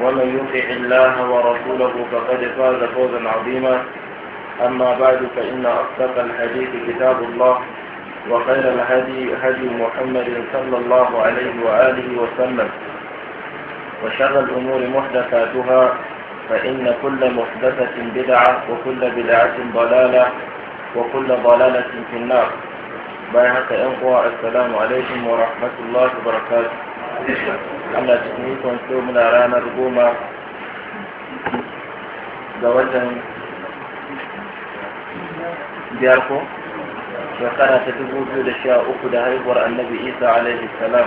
ومن يطع الله ورسوله فقد فاز فوزا عظيما أما بعد فإن أصدق الحديث كتاب الله وخير الهدي هدي محمد صلى الله عليه وآله وسلم وشر الأمور محدثاتها فإن كل محدثة بدعة وكل بدعة ضلالة وكل ضلالة في النار بايعك أنقوى السلام عليكم ورحمة الله وبركاته Allah cikin ikon so muna ranar goma ga watan biyar ko shekara ta dubu biyu da sha uku da haihuwar annabi isa alaihi salam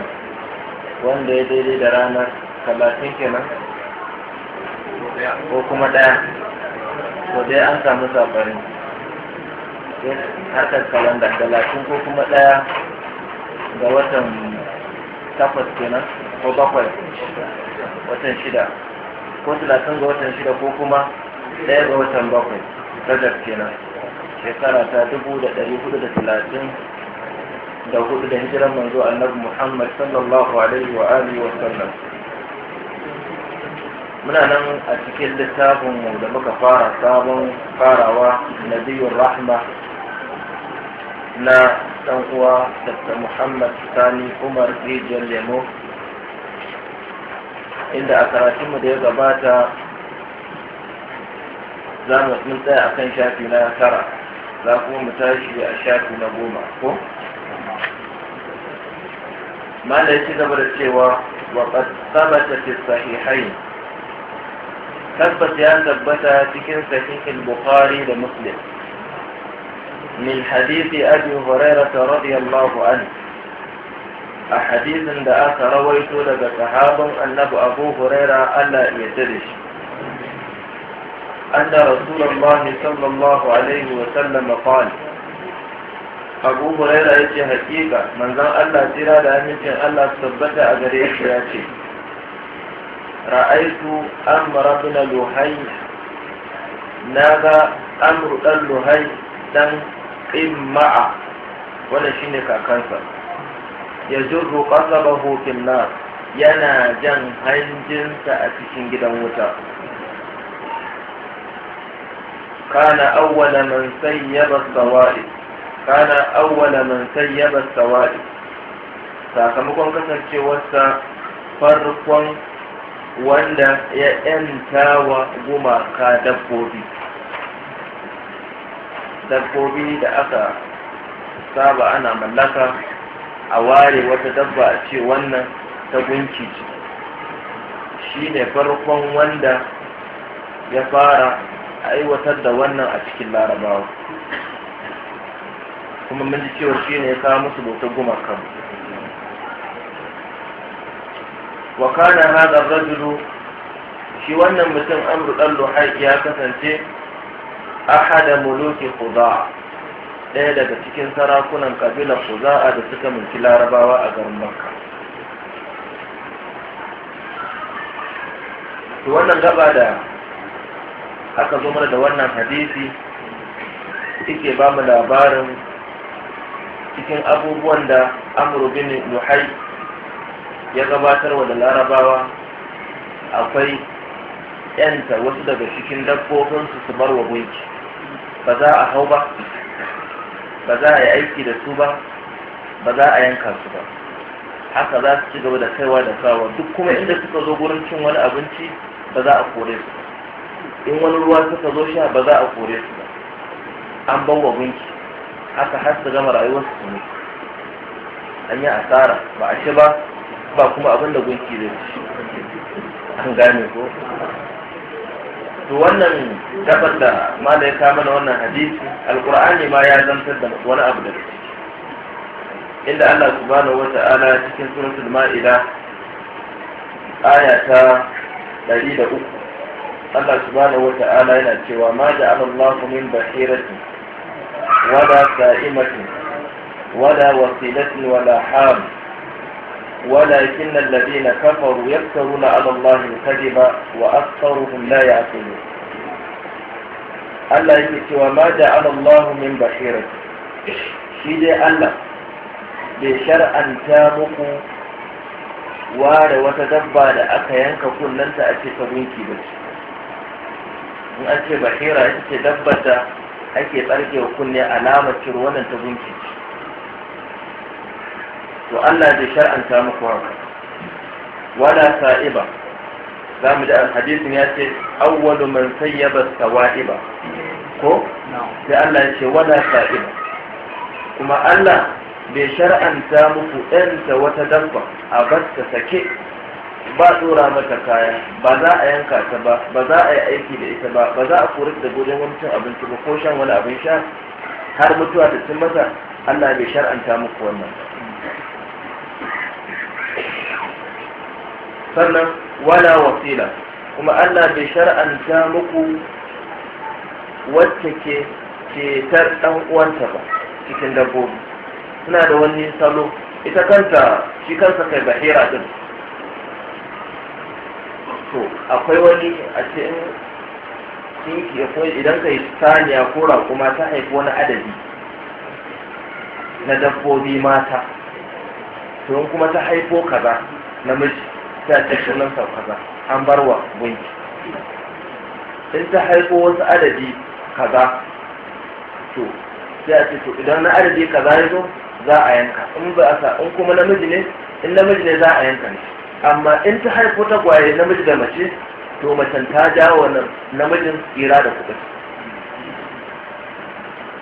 wanda ya daidai da ranar talatin kenan ko kuma ɗaya ko dai an samu sabarin harkar kalanda talatin ko kuma ɗaya ga watan takwas kenan ko bakwai watan shida ko talatin ga watan shida ko kuma ɗaya ga watan bakwai rajab kenan shekara ta dubu da ɗari hudu da talatin da hudu da hijiran manzo annabi muhammad sallallahu alaihi wa alihi wa sallam muna nan a cikin littafin mu da muka fara sabon farawa nabiyun rahma na dan uwa dr muhammad sani umar rijiyar lemo inda a karatunmu da ya gabata za mu mun tsaya a kan shafi na tara za kuma mu tashi a shafi na goma ko mala ya ci gaba da cewa wa qad thabata fi sahihayn tabbata ya tabbata cikin sahihin bukhari da muslim من حديث أبي هريرة رضي الله عنه أحاديث دعاك رويت لدى صحابا أنه أبو هريرة ألا يترش أن رسول الله صلى الله عليه وسلم قال أبو هريرة يتي حقيقة من ذا ألا ترى لأنك ألا تثبت أدريك ياتي رأيت أمر ابن لهي نادى أمر ابن لحي wanda wannan ne kakansa ya jirru qasabahu hukin na yana jan hanjinsa a cikin gidan wuta kana awwala man sayyaba sawa'i kana awwala man sayyaba sawa'i sakamakon kasancewarsa farkon wanda ya 'yanta wa gumaka dabbobi dabbobi da aka saba ana mallaka a ware wata dabba a ce wannan ta gunki ce shi ne farkon wanda ya fara aiwatar da wannan a cikin larabawa kuma mun ji cewa shi ne ya kawo musu bautar gumakan wa kana rajulu shi wannan mutum amru ɗan luhai ya kasance ahada muluki qudaa ɗaya daga cikin sarakunan kabila kuza'a da suka mulki larabawa a garin makka to wannan gaba da aka zo mana da wannan hadisi yake ba mu labarin cikin abubuwan da amuru bin nuhai ya gabatar wa da larabawa akwai yanta wasu daga cikin dabbobinsu su bar wa gunki ba za a hau ba ba za a yi aiki da su ba ba za a yanka su ba haka za su ci gaba da kaiwa da kawo duk kuma inda suka zo gurin cin wani abinci ba za a kore su ba in wani ruwa suka zo sha ba za a kore su ba an ban wa gunki haka har su gama rayuwar su ne an yi asara ba a ci ba ba kuma abin da gunki zai ci an gane ko to wannan tabbas da malai ka mana wannan hadisi alqur'ani ma ya zantar da wani abu da inda Allah subhanahu wata'ala cikin suratul ma'ida aya ta 103 Allah subhanahu wata'ala yana cewa ma ja'ala Allahu min basiratin wala sa'imatin wada wasilatin wala ham ولكن الذين كفروا يفترون على الله الكذب وأكثرهم لا يعقلون Allah yake cewa ma ja'ala Allahu min bashirin shi dai Allah bai shar'anta muku ware wata dabba da aka yanka kunnanta a ce ta gunki ba ce in bashira ita ce da ake tsarkewa kunne alamar ciro ta gunki to Allah zai shar'anta muku haka wala sa'iba za mu ji hadisin ya ce awwalu man sayyaba sawa'iba ko sai Allah ya ce wala sa'iba kuma Allah bai shar'anta muku ɗanta wata dabba a basta sake ba tsora mata kaya ba za a yanka ta ba ba za a yi aiki da ita ba ba za a kori da godon wani abinci ba ko shan wani abin sha har mutuwa ta cin mata Allah bai shar'anta muku wannan sannan wala wasila kuma Allah bai shar'anta muku wacce ke cetar dan uwanta ba cikin dabbobi suna da wani salo ita kanta shi kansa kai bahira din to akwai wani a ce in idan kai saniya ko kuma ta haifi wani adadi na dabbobi mata to kuma ta haifo kaza namiji ta ce sunan sau kaza an bar wa gunki in ta haifo wasu adadi kaza to sai a ce to idan na adadi kaza ya zo za a yanka in ba a sa in kuma namiji ne in namiji ne za a yanka ne amma in ta haifo ta gwaye namiji da mace to macen ta jawo namijin tsira da kuɗi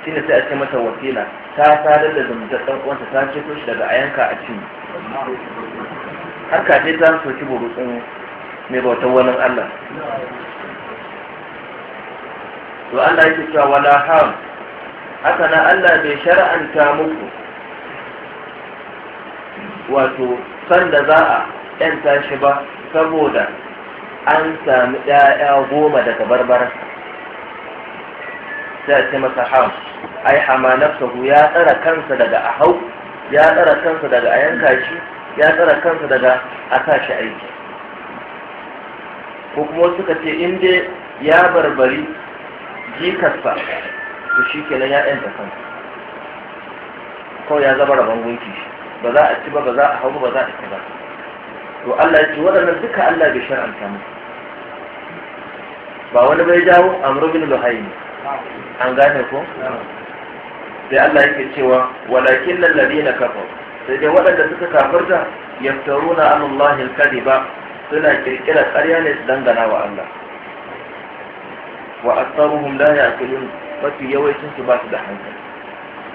shi ne sai a ce mata wakila ta sadar da zumunta ɗan uwanta ta ceto shi daga a yanka a cin Har za ta soki burutsun mai bautar wani Allah to Allah yake cewa wala ham haka na Allah bai shar'anta muku wato sanda za a yanta tashi ba saboda an sami ɗaya goma daga barbara sai ce masa ham ai hama nafsahu ya tsara kansa daga a hau ya tsara kansa daga a yanka shi ya tsara kansa daga a tashi aiki ko kuma suka ce in dai ya barbari jikarsa to shi kenan ya yanta kansa kawai ya zama rabon gunki ba za a ci ba ba za a hau ba za a ci ba to Allah ya ce waɗannan duka Allah bai shar'anta mu ba wani bai jawo amru bin ne, an gane ko sai Allah yake cewa walakin lalladina kafaru sai dai waɗanda suka yaftaru na an Allah ba, suna kirkira ƙarya ne su dangana wa Allah wa aktsaruhum la ya'qilun mafi yawancin su ba su da hankali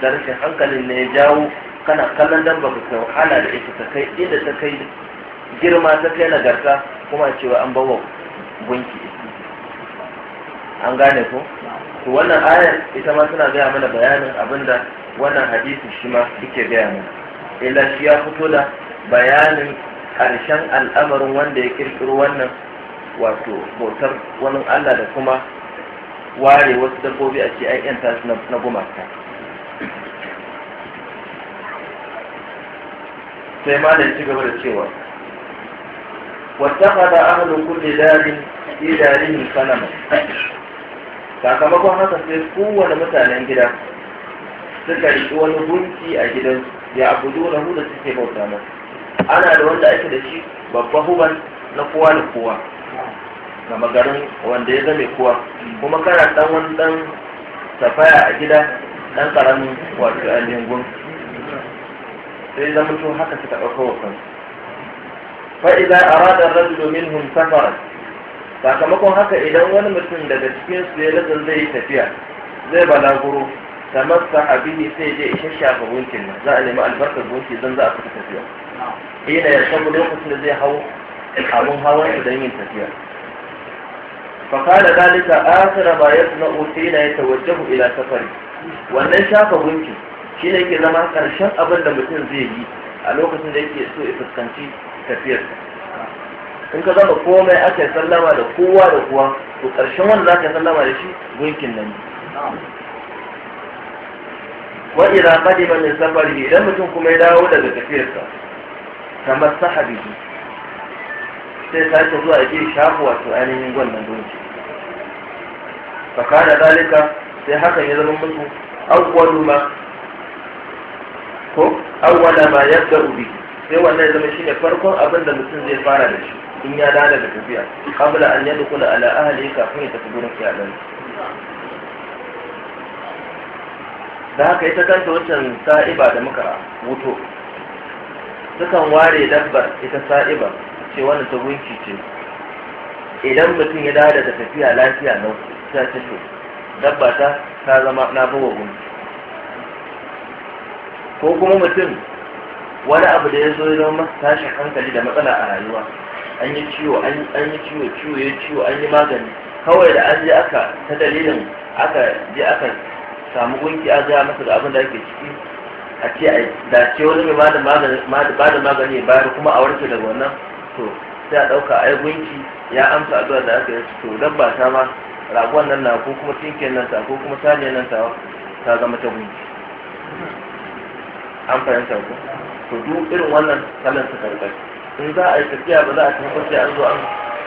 da rashin hankalin ne ya jawo kana kallon dan baka kai wahala da ita ta kai inda ta kai girma ta kai nagarta kuma cewa an bawa gunki an gane ko to wannan ayar ita ma suna gaya mana bayanin abinda wannan hadisi shi ma suke gaya mana illa shi ya fito da bayanin ƙarshen al'amarin wanda ya kirkiro wannan wato bautar wani allah da kuma ware wasu dabbobi a ce ai yanta su na gumaka sai ma da ci gaba da cewa واتخذ أهل كل kulle في دارهم صنما sakamakon haka sai kowane mutanen gida suka riƙi wani gunki a gidansu ya abudu na hudu da suke bauta masa ana da wanda ake da shi babba huban na kowa da kowa gama garin wanda ya zame kowa kuma kana dan wani dan safaya a gida dan karamin wato a gun sai zama to haka suka ɗauka wa fa'iza a radar domin hun safara sakamakon haka idan wani mutum daga cikin su ya lazan zai tafiya zai balaguro tamassa abihi sai je ishe shafa gunkin nan za a nemi albarkar gunki zan za a fita tafiya ina ya sabu lokacin da zai hau abun hawan su don yin tafiya fakala dalika asira ba ya suna ofe na ya tawajjahu ila safari wannan shafa gunkin shi ne ke zama karshen abin da mutum zai yi a lokacin da yake so ya fuskanci tafiyar in ka zama komai aka sallama da kowa da kowa to karshen wanda za ka sallama da shi gunkin nan ne wa kadi ma min safari idan mutum kuma ya dawo daga tafiyarsa kamar sahabi sai sake zuwa ake shafu wato ainihin wannan gunki da Dalika sai hakan ya zama musu awwalu ma ko awwala ma yabda ubi sai wannan ya zama shine farkon abin da mutum zai fara da shi in ya dada daga tafiya qabla an yadkhula ala ahli kafin ya tafi gurin iyalansa da haka ita kanta wancan sa'iba da muka wuto sukan ware dabbar ita sa'iba ce wani ta gunki ce idan mutum ya dawo da tafiya lafiya nau ta tafi dabba ta ta zama na buwa gunki ko kuma mutum wani abu da ya zo ya zama masa tashin hankali da matsala a rayuwa an yi ciwo an yi ciwo ciwo ya ciwo an yi magani kawai da an je aka ta dalilin aka je aka samu gunki a gaya masa da abin da ake ciki a ce a dace wani mai ba da magani ya bayar kuma a warke daga wannan to sai a ɗauka ai gunki ya amsa addu'a da aka yi to ba ta ma ragon nan na ko kuma tinkin nan ta ko kuma saniyar nan ta ta zama ta gunki an fahimta ko to duk irin wannan kalan su karɓar in za a yi tafiya ba za a tafi sai an zo an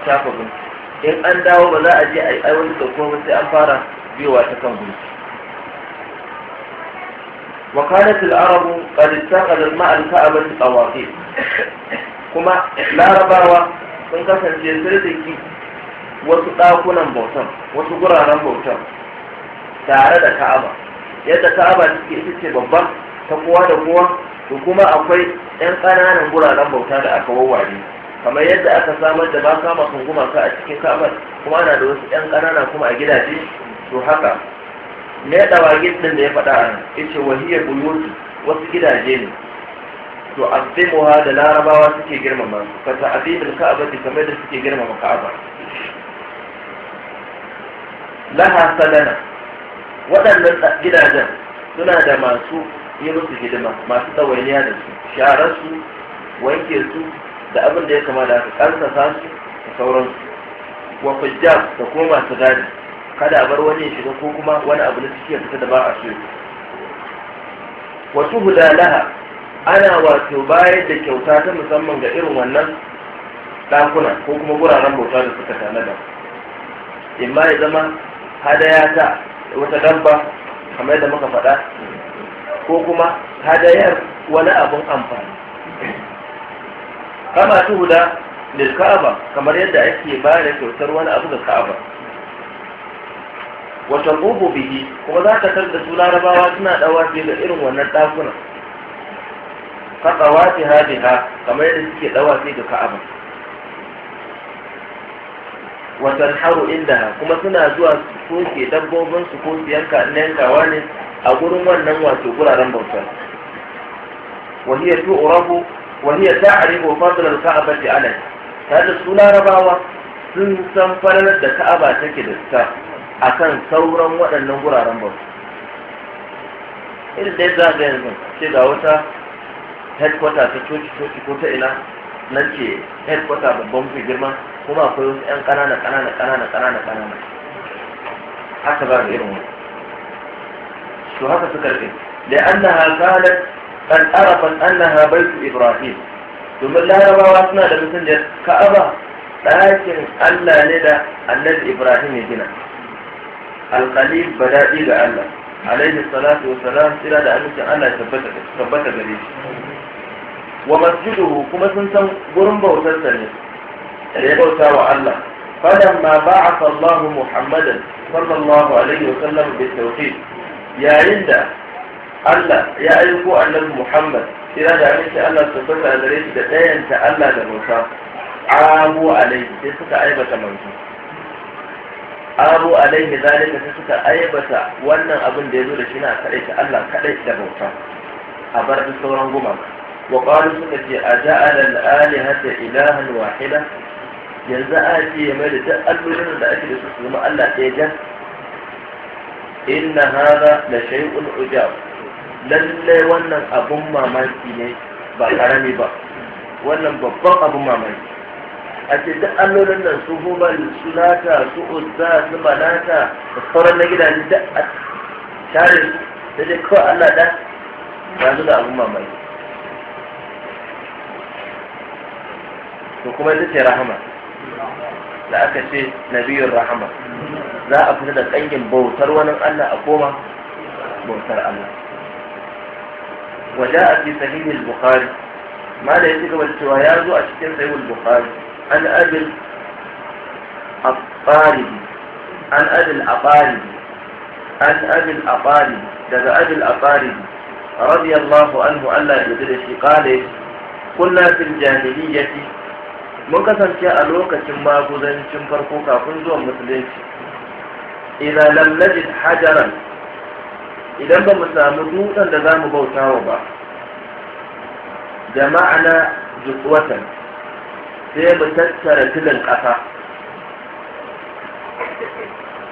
shafa gunki in an dawo ba za a je a yi aiwatar da tsakko sai an fara biyowa ta kan gunki وقالت العرب قد اتخذ الماء الكعبة قواطير كما لا رباوة sun kasance sirriki wasu ɗakunan bautan wasu guraren bautan tare da ka'aba yadda ka'aba take ita ce babban ta kowa da kowa da kuma akwai 'yan ƙananan guraren bauta da aka wawware kamar yadda aka samar da ba kama gumaka a cikin ka'aba kuma ana da wasu 'yan ƙanana kuma a gidaje to haka me ya dawagin gidan da ya faɗa a yace wahiyar buyuti wasu gidaje ne to azimuha da larabawa suke girmama su ka ta'azimul ka'aba kamar da suke girmama ka'aba laha salana waɗannan gidajen suna da masu yi musu hidima masu ɗawainiya da su shararsu su wanke su da abin da ya kama da aka ƙarfafa su da sauransu wa fujjab da kuma masu gadi kada a bar wani ya shiga ko kuma wani abu na ciki ya fita da ba a so wasu hudalaha ana wato bayar da kyauta ta musamman ga irin wannan ɗakuna ko kuma guraren bauta da suka tanada imma ya zama hadaya ta wata dabba kamar yadda muka faɗa ko kuma hadayar wani abun amfani kama tuhuda lil ka'aba kamar yadda ake bayar da kyautar wani abu ga ka'aba wata bubu bihi kuma za ka tar da su larabawa suna dawa fiye da irin wannan ɗakuna faɗawa ta ha kamar yadda suke dawa fiye da ka'aba wata haru inda kuma suna zuwa ko ke dabbobin su ko su yanka na yankawa ne a gurin wannan wato guraren bauta wahiyar tu'urafu wahiyar ta'arifu fadlar ka'aba ta alai ta da su larabawa sun san farar da ka'aba take da ta a kan sauran waɗannan guraren ba. irin da za ga yanzu ce ga wata headquarter ta coci coci ko ta ina nan ce headquarter babban mafi girma kuma akwai wasu 'yan ƙanana ƙanana ƙanana ƙanana ƙanana haka ba irin wani su haka suka rike da annaha qalat qad arafat ibrahim domin larabawa suna da mutum da ka'aba ɗakin allah ne da annabi ibrahim ya gina alqalil badadi ga Allah alaihi salatu wa salam tsira da amincin Allah ya tabbata tabbata gare shi wa masjiduhu kuma sun san gurin bautar sa ne da ya bauta wa Allah ma ba'atha Allah Muhammadan sallallahu alaihi wa sallam bi tawhid yayin da Allah ya aiko annabi Muhammad kira da aminci Allah tabbata a gare shi da dayanta Allah da bauta amu alaihi sai suka aibata manzo abu alaihi zalika su suka aibata wannan abin da ya zo da shi na kaɗai ta Allah kaɗai da bauta a bar da sauran gumaka wa ƙwari suka ce a aja'ala al-alihata ilahan wahida yanzu a ce mai da duk allolin da ake da su su zama Allah ɗaya jan inna hada da shay'un ujab lallai wannan abun mamaki ne ba karami ba wannan babban abun mamaki a ce duk allolin nan su hubal su lata su uzza su manata da sauran na gidaje da a share su da dai kawai allah da ba su da abun mamaye to kuma ita ce rahama da aka ce nabiyun rahama za a fita da kangin bautar wani allah a koma bautar allah wajen a fi البخاري bukhari ma da ya ci gaba cewa ya zo a cikin bukhari an abil abaribi an abil abaribi an abil abaribi daga abil abaribi radiyallahu anhu Allah ya da shi kale kunna fil jahiliyyati mun kasance a lokacin maguzancin farko kafin zuwan musulunci idan lam najid hajaran idan ba mu samu dutsen da za mu bautawa ba na jukwatan sai mu tattara tilin ƙasa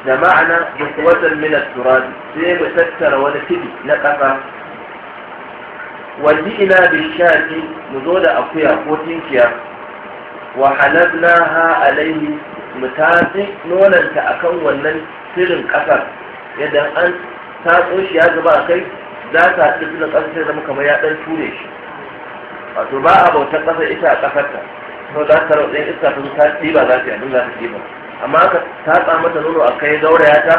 da ma'ana musuwatan minas turabi sai mu tattara wani tili na ƙasa wani ina bin shafi mu zo da akuya ko tinkiya wa halabna ha alaihi mu tatsi nonanta kan wannan tilin ƙasar yadda an tatso shi ya zuba kai za ta haɗu tilin ƙasar sai zama kamar ya ɗan ture shi wato ba a bautar ƙasar ita a ƙasarta to za ta rautsin iska ta ta ba za ta yi abin za ta ba amma aka tatsa mata nono a kai gauraya ta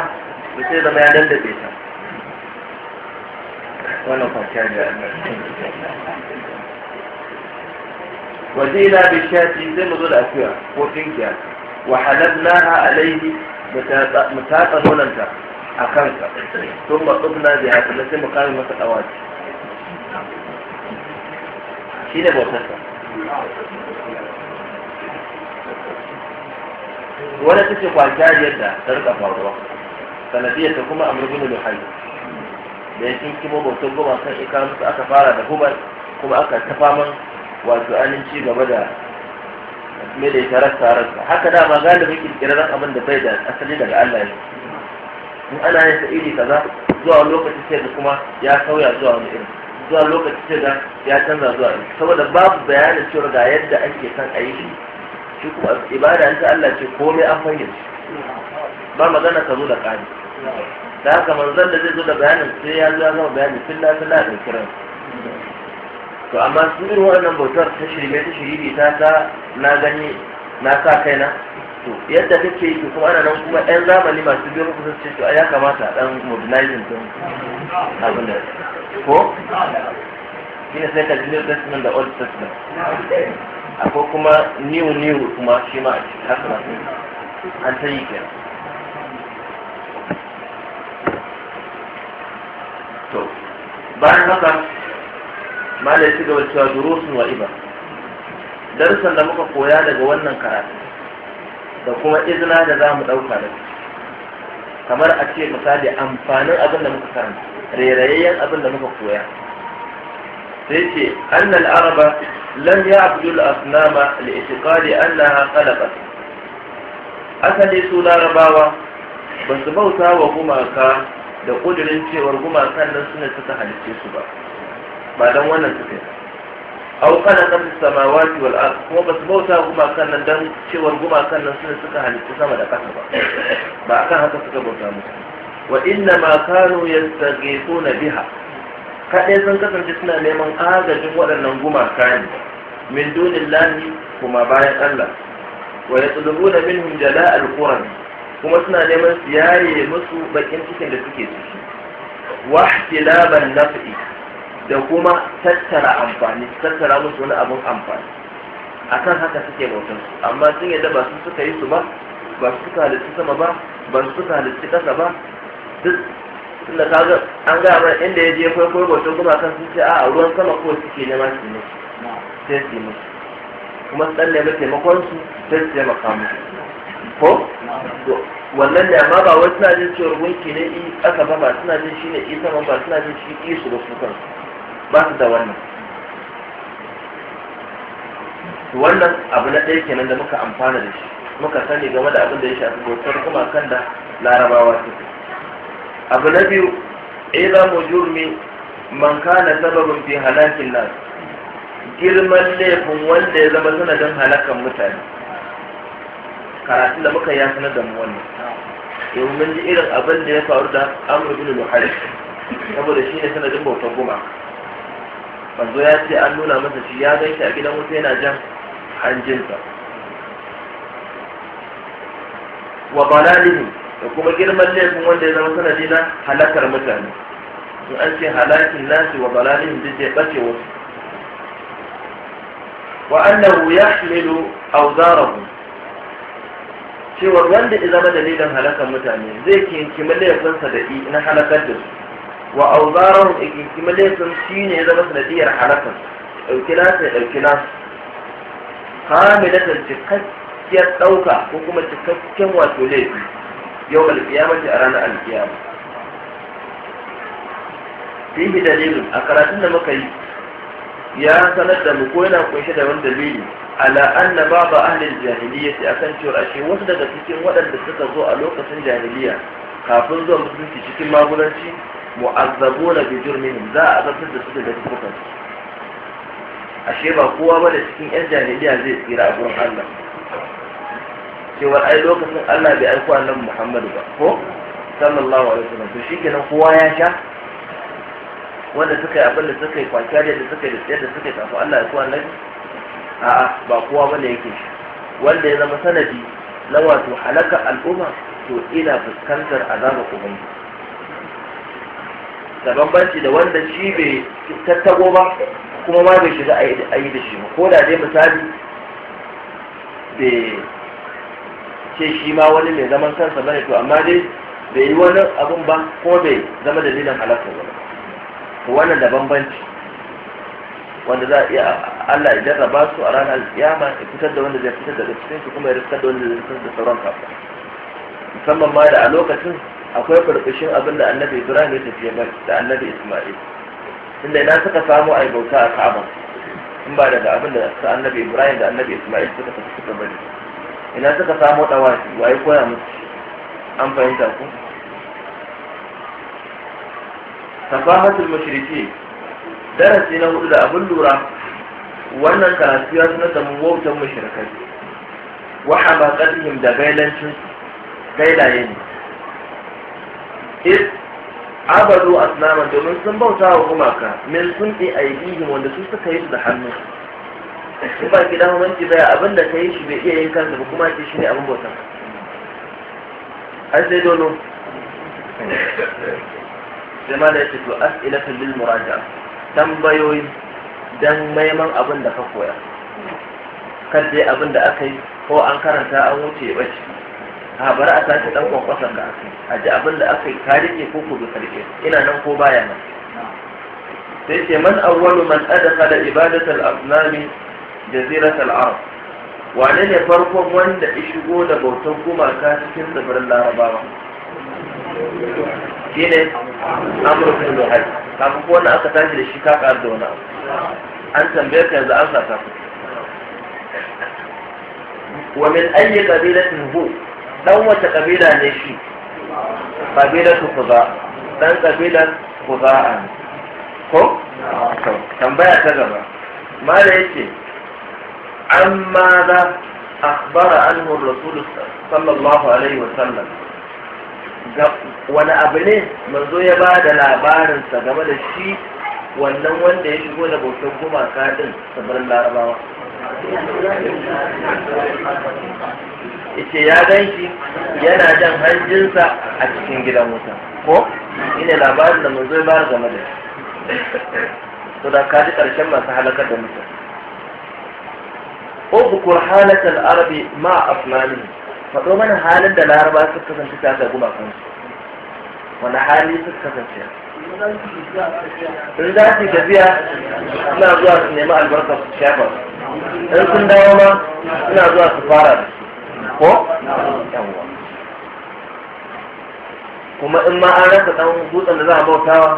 da sai zama ya dandabe ta wannan kwanciya da wazina bi shafi sai mu zo da akuya ko tinkiya wa halalnaha alaihi mu tatsa ta a kansa to ba tsubna da ya kuma sai mu kame masa dawaci shi ne bautarsa wani ta ce kwanciyar da ta rika faruwa sanadiyar ta kuma amur bin luhai da ya kinki mo bautar goma kan ika musu aka fara da hubar kuma aka tafa man wato ainihin ci gaba da me da ita rasta rasta haka ma galibin kirkirar abin da bai da asali daga Allah ne in ana yin sa'ili kaza zuwa lokaci sai da kuma ya sauya zuwa wani irin zuwa lokaci sai da ya canza zuwa irin saboda babu bayanin cewa ga yadda ake kan a shi kuma ibada an ta Allah ce komai an fahimci ba magana ka zo da kani da haka manzon da zai zo da bayanin sai ya zo ya zama bayanin tun na tun da kiran to amma su irin wannan bautar ta shirme ta shiriri ta ta na gani na sa kaina to yadda kake yi kuma ana nan kuma 'yan zamani masu biyo muku sun ce to ya kamata dan mobilizing din abin da ko shine sai ka jini new testament da old testament akwai kuma new new kuma shi ma a cikin haka an ta yi kenan to bayan haka malai ya ci gaba cewa durusun wa iba darussan da muka koya daga wannan karatu da kuma izina da za mu ɗauka da kamar a ce misali amfanin abin da muka karanta rairayayyen abin da muka koya sai ce annal araba lam ya'budu al-asnama li annaha khalaqat asali su larabawa ba su bauta wa gumaka da kudirin cewar gumakan nan suna suka halice su ba ba don wannan suke yi au kana kan samawati wal ard kuma ba su bauta gumakan nan dan cewar gumakan nan suna suka halice sama da ƙasa ba ba kan haka suka bauta musu wa inna ma kanu yastaghithuna biha kaɗai sun kasance suna neman agajin waɗannan gumaka ne min lami kuma bayan Allah wa da min jala'al quran kuma suna neman su yaye musu bakin cikin da suke ciki wa ihtilaban naf'i da kuma tattara amfani tattara musu wani abun amfani akan haka suke bautar su amma sun yadda ba su suka yi su ba ba su suka halitta sama ba ba su suka halitta ƙasa ba duk tunda ga an gaya mana inda ya je kwaikwayo batun gumakan sun ce a ruwan sama ko suke nema su ne sai su ne kuma su tsalle mai taimakon su sai su taimaka musu ko wannan ne amma ba wai suna jin cewar gunki ne i aka ba ba suna jin shi ne i sama ba suna jin shi i su ba su kan ba su da wannan wannan abu na ɗaya kenan da muka amfana da shi muka sani game da abin da ya shafi bautar gumakan da larabawa su abu na biyu mu jurumi man kana sababin fi halakin nan. girman laifin wanda ya zama sanadin halakan mutane karatu da muka ya sanar da mu wannan yau mun ji irin abin da ya faru da amur bin luhari saboda shi ne sanadin bautar goma manzo ya ce an nuna masa shi ya shi a gidan wuta yana jan hanjinsa wa balalihin da kuma girman laifin wanda ya zama sanadi na halakar mutane in an ce halakin nasi wa balalihin duk da bace wasu wa annahu yahmilu awzarahu cewa wanda ya zama dalilin halakar mutane zai kinkimi laifinsa da i na halakar da su wa ya kinkimi laifin shi ne ya zama sanadiyar halakar ɗauki nasa ya ɗauki nasa hamilatan cikakkiyar ɗauka ko kuma cikakken wato laifi yau alkiyamati a ranar alkiyama fihi dalilin a karatun da muka yi ya sanar da mu ko yana kunshe da wani dalili ala anna baba ahlil jahiliyyati akan cewa ashe wasu daga cikin waɗanda suka zo a lokacin jahiliya kafin zuwa mutunci cikin magulanci mu'azzabuna bi jurmihim za a zartar da su daga cikin ashe ba kowa ba da cikin yan jahiliya zai tsira a gurin Allah cewa ai lokacin Allah bai aiko annabi Muhammadu ba ko sallallahu alaihi wasallam to shikenan kowa ya sha wanda suka yi abin da suka yi kwakiya da suka yi da suka yi kafin Allah ya aiko annabi a'a ba kowa bane yake shi wanda ya zama sanadi na wato halaka al'umma to ina fuskantar azabar ubangiji da bambanci da wanda shi bai tattago ba kuma ma bai shiga a yi da shi ba ko da dai misali bai ce shi ma wani mai zaman kansa bane to amma dai bai yi wani abun ba ko bai zama dalilin halakka ba wannan da bambanci wanda za a iya Allah ya jarraba su a ranar alkiyama ya fitar da wanda zai fitar daga cikin su kuma ya riskar da wanda zai fitar da sauran kafa musamman ma da a lokacin akwai farfashin abin da annabi ibrahim ya tafiya da annabi isma'il inda ina suka samu a bauta a ka'aba in ba daga abin da annabi ibrahim da annabi isma'il suka tafi suka bari ina suka samo dawaki waye koya musu an fahimta ku tafahatul mushriki darasi na hudu da abin lura wannan karatu ya suna samun wautan mushrikai wa hamaqatihim da gailancin gailaye ne is abadu asnama domin sun bauta wa gumaka min sun ɗi aidihim wanda su suka yi su da hannu in ba ki dama manci baya abin da ka yi shi bai iya yin kansa ba kuma ce shi ne abin bautan har sai dolo sai ma da ya ce to as'ilatul lil muraja tambayoyi dan maiman abin da ka koya kar dai abin da aka yi ko an karanta an wuce ya bace a bari a tashi dan kwankwasan ka a ji abin da aka yi ka rike ko ku bi karke ina nan ko baya nan sai ce man awwalu man adkhala ibadatul asnami jaziratul arab wane ne farkon wanda ya shigo da bautan gumaka cikin tsibirin larabawa shi ne amurka da hajji kafin wanda aka tashi da shi ka ƙar da wani an tambayar ka yanzu an sa ka wa min ayyi qabilatin hu dan wata kabila ne shi qabilatu khuza dan a ne? ko tambaya ta gaba da yake عن ماذا أخبر عنه الرسول صلى الله عليه وسلم wani abu ne manzo ya ba da labarinsa game da shi wannan wanda ya shigo da bautar gumaka din sabarin larabawa ce ya ganki yana jan hanjinsa a cikin gidan wuta ko ne labarin da manzo ya ba game da shi to da kaji karshen masu halakar da mutum ubukur halatan arabi ma asmani faɗo mana halin da laraba suka kasance ta ga gumakan su wani hali suka kasance in za su gaziya suna zuwa su nemi albarka su shafa in sun dawo ma suna zuwa su fara da su ko kuma in ma an rasa dan dutsen da za a bautawa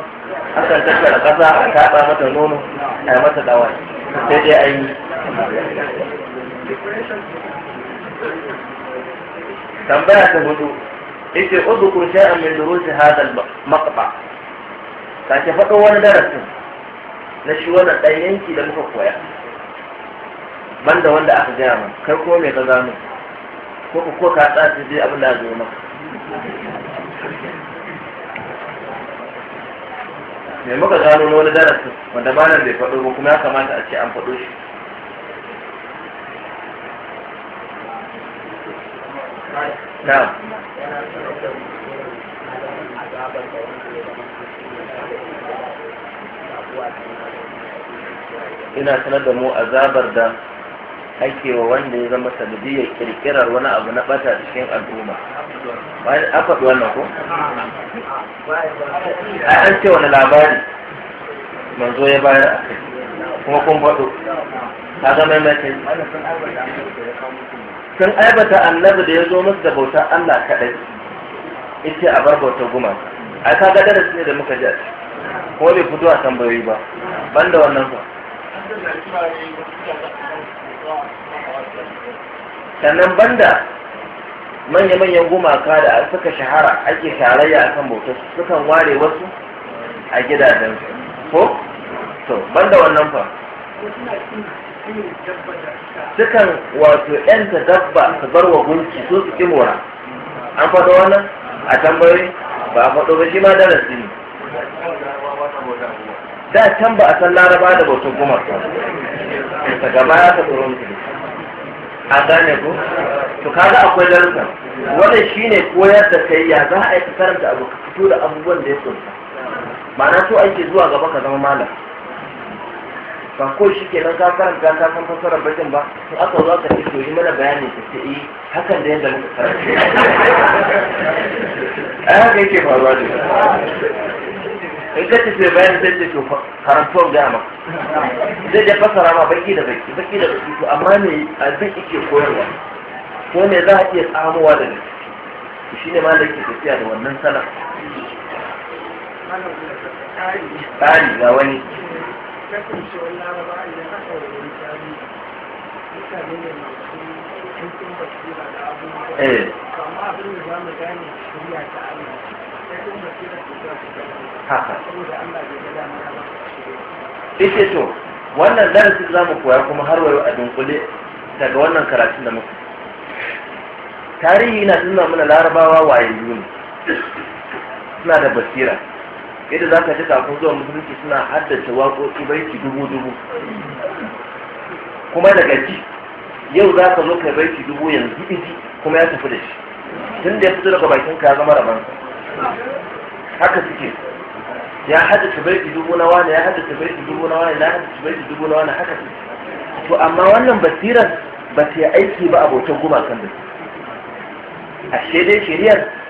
akan tattara ƙasa a kaɗa mata nono a yi mata dawa sai dai an yi tambaya ta hudu أذكر شيئا من دروس هذا المقطع maqba ka ke faɗo wani darasin na shi ɗan yanki da muka koya banda wanda aka gaya min kai ko me ka gano ko da muka gano na wani darasin wanda nan bai faɗo ba kuma ya kamata a ce an faɗo shi ina sanar da mu azabar da ake wa wanda ya zama sanadiyar kirkirar wani abu na bata cikin al'umma bayan aka faɗi wannan ko a an ce wani labari manzo ya bayar kuma kun faɗo ka zama mai kai sun aibata annabi da ya zo musu da bauta Allah kaɗai ita a bar bautar gumaka a ka ga darasi ne da muka ji a ciki ko bai fito a tambayoyi ba ban da wannan fa sannan banda manya-manyan gumaka da suka shahara ake tarayya a kan bautar sukan ware wasu a gidajen ko to banda wannan fa sukan wato yanta dabba su bar wa gunki so su ki mora an faɗo wannan a tambayoyi ba a faɗo ba shi ma darasi ne da can ba a san laraba da kuma su ta gaba ya taɓa su a gane Ku to kaga akwai darasa wannan shine koyar da kai ya za a yi karanta abu fito da abubuwan da ya kunsa ma'ana so ake zuwa gaba ka zama malam ba ko shi ke nan kakarar ta ta san fasarar bakin ba to aka zo ka ce yi mana bayani ta ce eh hakan da yadda muka karanta ai haka yake faruwa ne in ka ce sai bayani zai ce to karantuwar gaya ma zai da fasara ma baki da baki baki da baki to amma me abin ike koyarwa ko ne za a iya tsamuwa da ni shi ne ma da ke tafiya da wannan sana tsari ga wani kasancewar laraba idan aka wani tsari mutane ne masu aikin basira da abubuwa eh. amma abin da za mu gane shirya ta allah aikin basira ta za su gane saboda allah bai ga dama ba ita to wannan darasin za mu koya kuma har wayo a dunkule daga wannan karatun da muka tarihi na nuna mana larabawa waye ne suna da basira yadda za ka ji kafin zuwa musulunci suna haddace waƙoƙi baiti dubu dubu kuma daga ji yau za ka zo kai baiti dubu yanzu iji kuma ya tafi da shi tun da ya fito daga bakin ka zama rabon haka suke ya haddace baiti dubu na wani ya haddace baiti dubu na wani ya haddace baiti dubu na wani haka suke to amma wannan basiran ba ta yi aiki ba abokan gumakan da su a shaidai shiriyar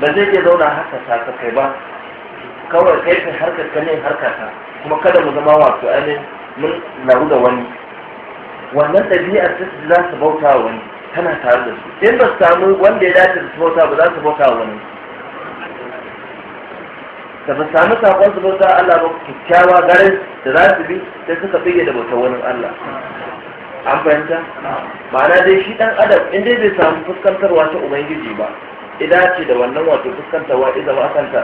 ba zai iya zauna haka ta ka kai ba kawai kai kai harkar ka ne harka ka kuma kada mu zama wato ainihin mun naru da wani wannan ɗabi'ar ta za su bauta wa wani tana tare da su in ba su samu wanda ya dace da su bauta ba za su bauta wa wani da ba samu sakon su bauta Allah ba kyakkyawa garin da za su bi sai suka fige da bauta wani Allah an fahimta ma'ana dai shi dan adam in dai bai samu fuskantarwa ta ubangiji ba Ida ce da wannan wato fuskanta wa iza ma kanta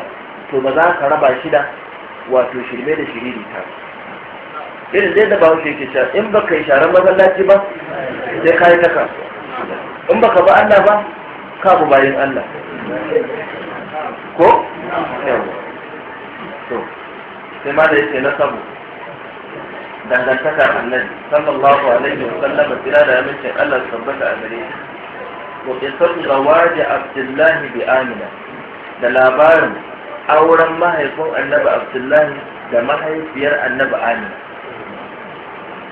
to ba za ka raba shi da wato shirme da shiriri ta irin dai da ba wuce ke sha in baka yi sharan masallaci ba sai ka yi ta ka in baka ba Allah ba ka bu bayin Allah ko to sai ma da yake na sabu dangantaka annabi sallallahu alaihi wa sallama tira da amincin Allah tabbata a gare shi wa qisatu zawaji abdullahi bi amina da labarin auren mahaifin annaba abdullahi da mahaifiyar annaba amina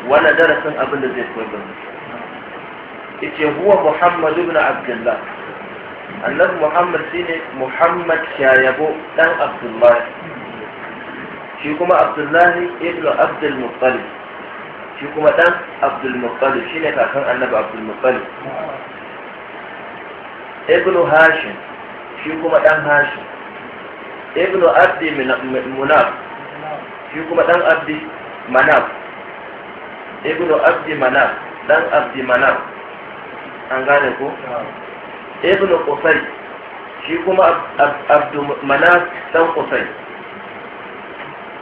wannan darasin abin da zai koyar da huwa muhammad ibn abdullah annabi muhammad shine muhammad shayabo dan abdullahi shi kuma abdullahi ibn abdul muttalib shi kuma dan abdul muttalib shine kakan annabi abdul muttalib ibnu hashim shi kuma dan hashim ibnu abdi munaf shi kuma dan abdi manaf ibnu abdi manaf dan abdi manaf an gane ko ibnu qusay shi kuma abdu manaf dan qusay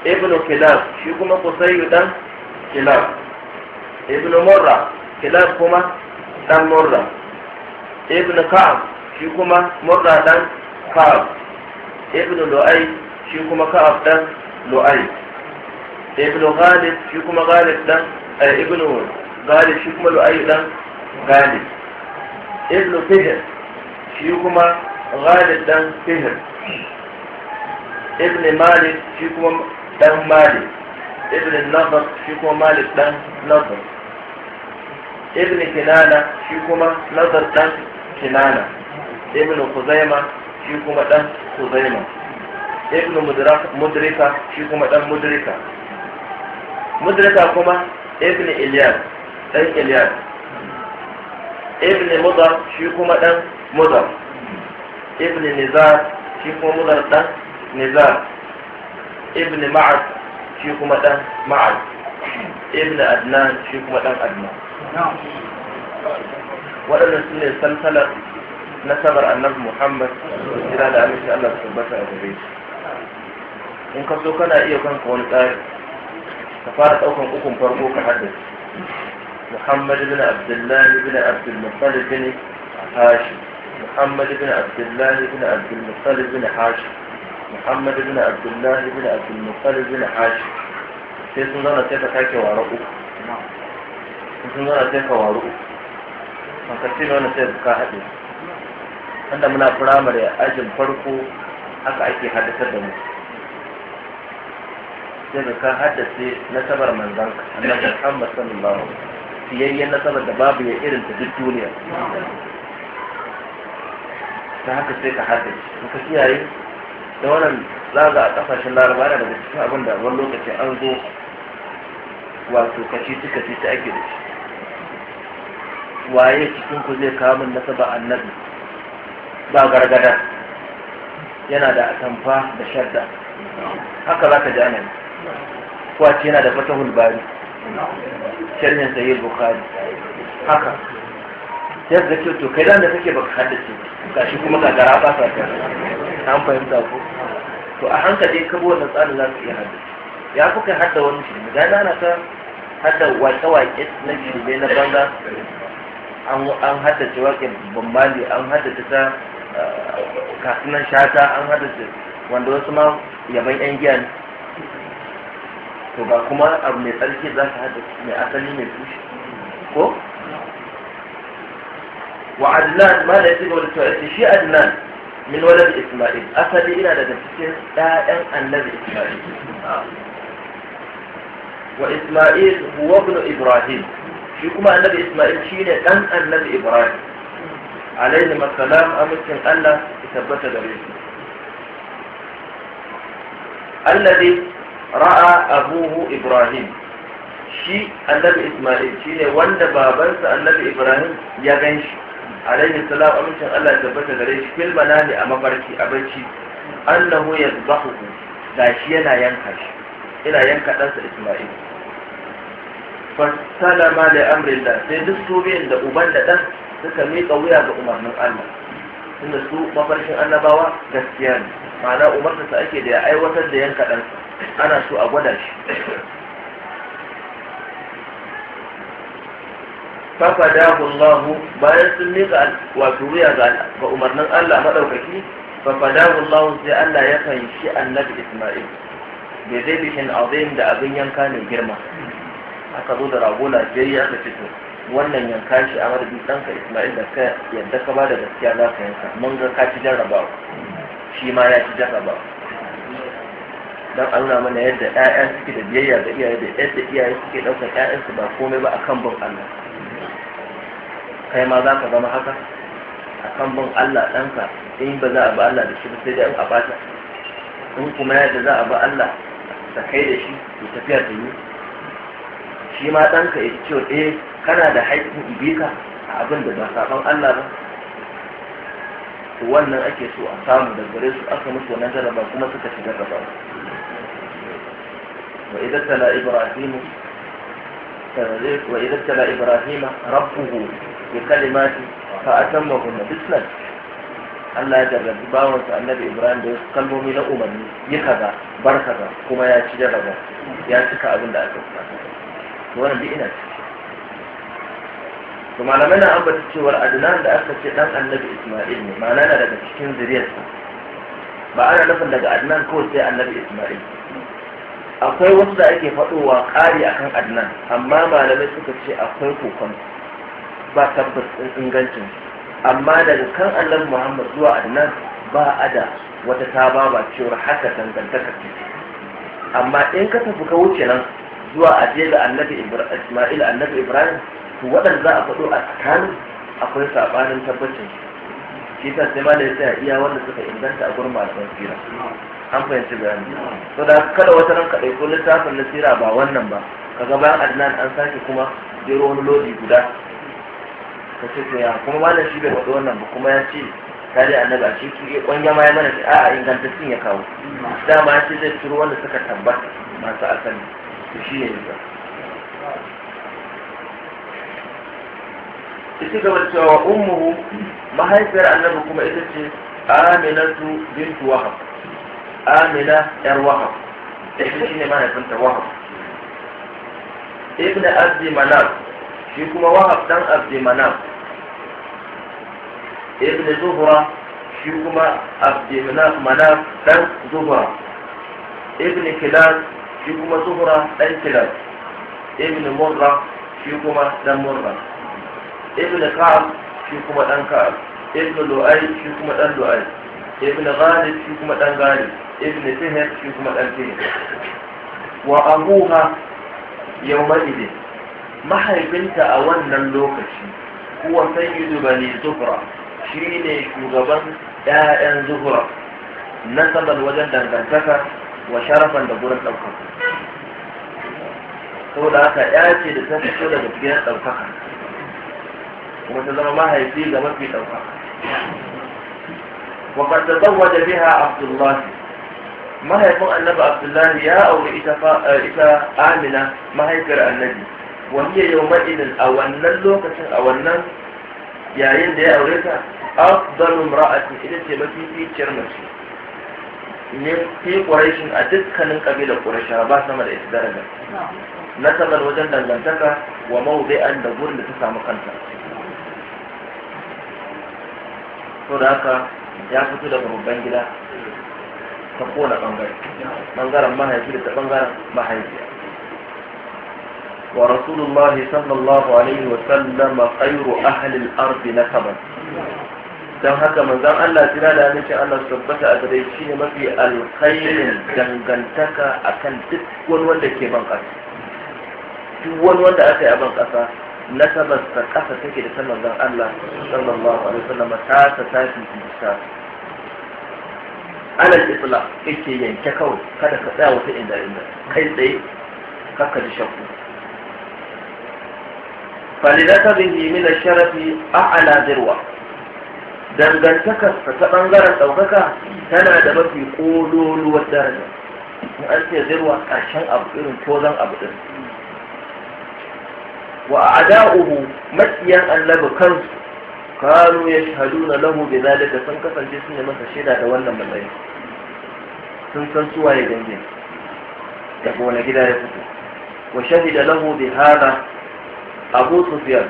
ibnu kilab shi kuma qusay dan kilab ibnu murra kilab kuma dan murra ibnu ka'ab shi kuma murna dan ka'ab ibn lu'ay shi kuma ka'ab dan lu'ay ibn ghalib shi kuma ghalib dan eh, ibn ghalib shi kuma lu'ay dan ghalib ibn fihr shi kuma ghalib dan fihr ibn malik shi kuma dan malik ibn nadar shi kuma malik dan nadar ibn kinana shi kuma nadar dan kinana ibn kuzaima shi kuma dan kuzaima ibn mudrika shi kuma dan mudrika mudrika kuma ibn ilyas dan ilyas ibn mudar shi kuma dan mudar ibn nizar shi kuma mudar dan nizar ibn ma'ad shi kuma dan ma'ad ibn adnan shi kuma dan adnan waɗannan su ne sansalar نسمر أن نبي محمد إلى العميس أن الله سبحانه أجريش إن قصو كان إيو كان قول تاي تفارت أو كان قوكم فرقوك حدث محمد بن عبد الله بن عبد المطلب بن حاشم محمد بن عبد الله بن عبد المطلب بن حاشم محمد بن عبد الله بن عبد المطلب بن حاشم سيسن دانا تيفا تاكي وارقو سيسن دانا تيفا وارقو فانكسين وانا تيفا كاهدين wanda muna firamare ajin farko haka ake haddasar da mu sai da ka haddace nasabar manzan annabi Muhammad sallallahu alaihi wasallam nasabar da babu ya irin ta duk duniya ta haka sai ka haddace in ka kiyaye da wannan zaga a kasashen laraba da daga cikin abin da wani lokaci an zo wato kaci ci kaci ci ake da shi waye cikin ku zai kawo min nasaba annabi ba gargada yana da atamfa da shadda haka za ka ji anan kwaci yana da fata hulbari shirin sayi bukari haka sai da ce to kai da kake baka hada haddace gashi kuma ka gara ba sa ta an fahimta ko to a hankali ka bi wannan tsarin za su iya haddace ya fi kai hada wani shi da na ta hada waƙe-waƙe na shirme na banga. an haddace waƙe bambali an haddace ta kasunan shata an hada su wanda wasu ma yaban yan giya ne to ba kuma abu mai tsarki za su hada mai asali mai tushe ko wa adnan ma da ya ci wani da shi adnan min walad isma'il asali ina daga cikin ɗayan annabi isma'il wa isma'il huwa ibnu ibrahim shi kuma annabi isma'il shine dan annabi ibrahim alaihi masalam amincin Allah ya tabbata gare shi allazi ra'a abuhu ibrahim shi annabi isma'il shine wanda babansa annabi ibrahim ya ganshi alaihi salam amincin Allah ya tabbata gare shi fil manami a mafarki a bacci annahu yadhahu gashi yana yanka shi ina yanka ɗansa isma'il fasalama da da sai duk su da uban da ɗan suka miƙa wuya ga umarnin Allah tunda su mafarkin annabawa gaskiya ne ma'ana umarta sa ake da ya aiwatar da yanka ɗansa ana so a gwada shi fafadahu Allahu bayan sun miƙa wato wuya ga umarnin Allah maɗaukaki fafadahu Allahu sai Allah ya shi annabi Ismail bai zai bikin azim da abin yanka ne girma aka zo da rago najeriya aka fito wannan yanka shi a madadin ɗanka ismail da ka yadda ka ba da gaskiya za ka yanka mun ga ka ci jarraba shi ma ya ci jarraba don a nuna mana yadda 'ya'ya suke da biyayya ga iyaye da yadda iyaye suke ɗaukar su ba komai ba kan bin Allah kai ma za ka zama haka kan bin Allah ɗanka in ba za a ba Allah da shi ba sai dai a bata in kuma yadda za a ba Allah ta kai da shi to tafiya ta yi shi ma ɗanka ya ce ɗaya. Eh, kana da haƙƙin ibika a abin da ba saban Allah ba wannan ake so a samu da gare su aka musu wannan jaraba kuma suka shiga gaba wa idan tala ibrahim wa idan tala ibrahim rabbuhu bi kalimati fa atamma kunna bisna Allah ya jarrabi bawon sa annabi ibrahim da kalmomi na umarni yi kaza barka kuma ya ci jaraba ya cika abin da aka fita wannan bi'ina ce to malamai na ambata cewa adnan da aka ce dan annabi isma'il ne ma'ana na daga cikin zuriyarsa ba ana nufin daga adnan kawai sai annabi isma'il akwai wasu da ake faɗowa ƙari akan adnan amma malamai suka ce akwai kokon ba tabbas ingancin amma daga kan annabi muhammad zuwa adnan ba a da wata ta ba cewar haka dangantaka ce amma in ka tafi ka wuce nan zuwa je ga annabi isma'il annabi ibrahim to waɗanda za a faɗo a tsakanin akwai saɓanin tabbacin shi ta sai malai sai iya wanda suka inganta a gurin malaman sira an fahimci bayani to da kada wata ran kaɗai ko littafin na sira ba wannan ba ka ga bayan adnan an sake kuma jero wani lodi guda ka ce to ya kuma malam shi bai faɗo wannan ba kuma ya ce ta dai annabi a shi ke ƙwanya ma ya mana ce a'a ingantaccen ya kawo dama ya ce zai turo wanda suka tabbata masu asali to shi ne ba ita gaba da cewa ummuhu mahaifiyar annabi kuma ita ce aminatu bintu wahab amina yar wahab ita shine mahaifinta wahab ibn abdi manaf shi kuma wahab dan abdi manaf ibn zuhra shi kuma abdi manaf manaf dan zuhra ibn Kilas shi kuma zuhra dan Kilas. ibn murra shi kuma dan murra ibn ka'ab shi kuma dan ka'ab ibn lu'ay shi kuma dan lu'ay ibn ghalib shi kuma dan ghalib ibn fihr shi kuma dan fihr wa abuha yawma idin mahaifinta a wannan lokaci kuwa sayyidu bani zuhra shine shugaban ƴaƴan zuhra nasaban wajen dangantaka wa sharafan da gurin ɗaukaka saboda haka ya ce da ta fito daga gidan ɗaukaka kuma ta zama mahaifi ga mafi ɗauka وقد تزوج بها عبد الله ما هي يكون النبي عبد الله يا أو إتا آمنة ما هي كر النبي وهي يومئذ أن اللوكة أولنا يا يد يا أوليتا أفضل امرأة إذا تبكي في من في قريش أتدخل من قبيلة قريش رباس نمر إتدرجة نسبا وجندا لنتكى وموضعا دبور لتسع مقنطة so da haka ya fito daga babban gida ta kowane bangare bangaren mahaifi da ta bangaren mahaifiya wa rasulullahi sallallahu alaihi wa sallama khairu ahli al-ard nasaban dan haka manzon Allah tira da amince Allah tabbata a gare shi ne mafi alkhairin dangantaka akan duk wani wanda ke ban kasa duk wani wanda aka yi a ban kasa nasabar ta kasa take da sanar manzon Allah sallallahu alaihi wasallam ta ta tafi ta ala isla yake yanke kawai kada ka tsaya wata inda inda kai tsaye kakka ji shakku فلنسبه من الشرف أعلى ذروة dangantakar ta bangaren ɗaukaka tana da mafi kololuwar daraja in an ce zirwa ƙarshen abu irin tozan abu ɗin wa a a'da'uhu matsiyan annabi kansu kanu na lahu bi da sun kasance sun yi masa shaida da wannan matsayi sun san suwa ya dangin da wani gida ya fito wa shahida lahu bi hana abu Sufiyar.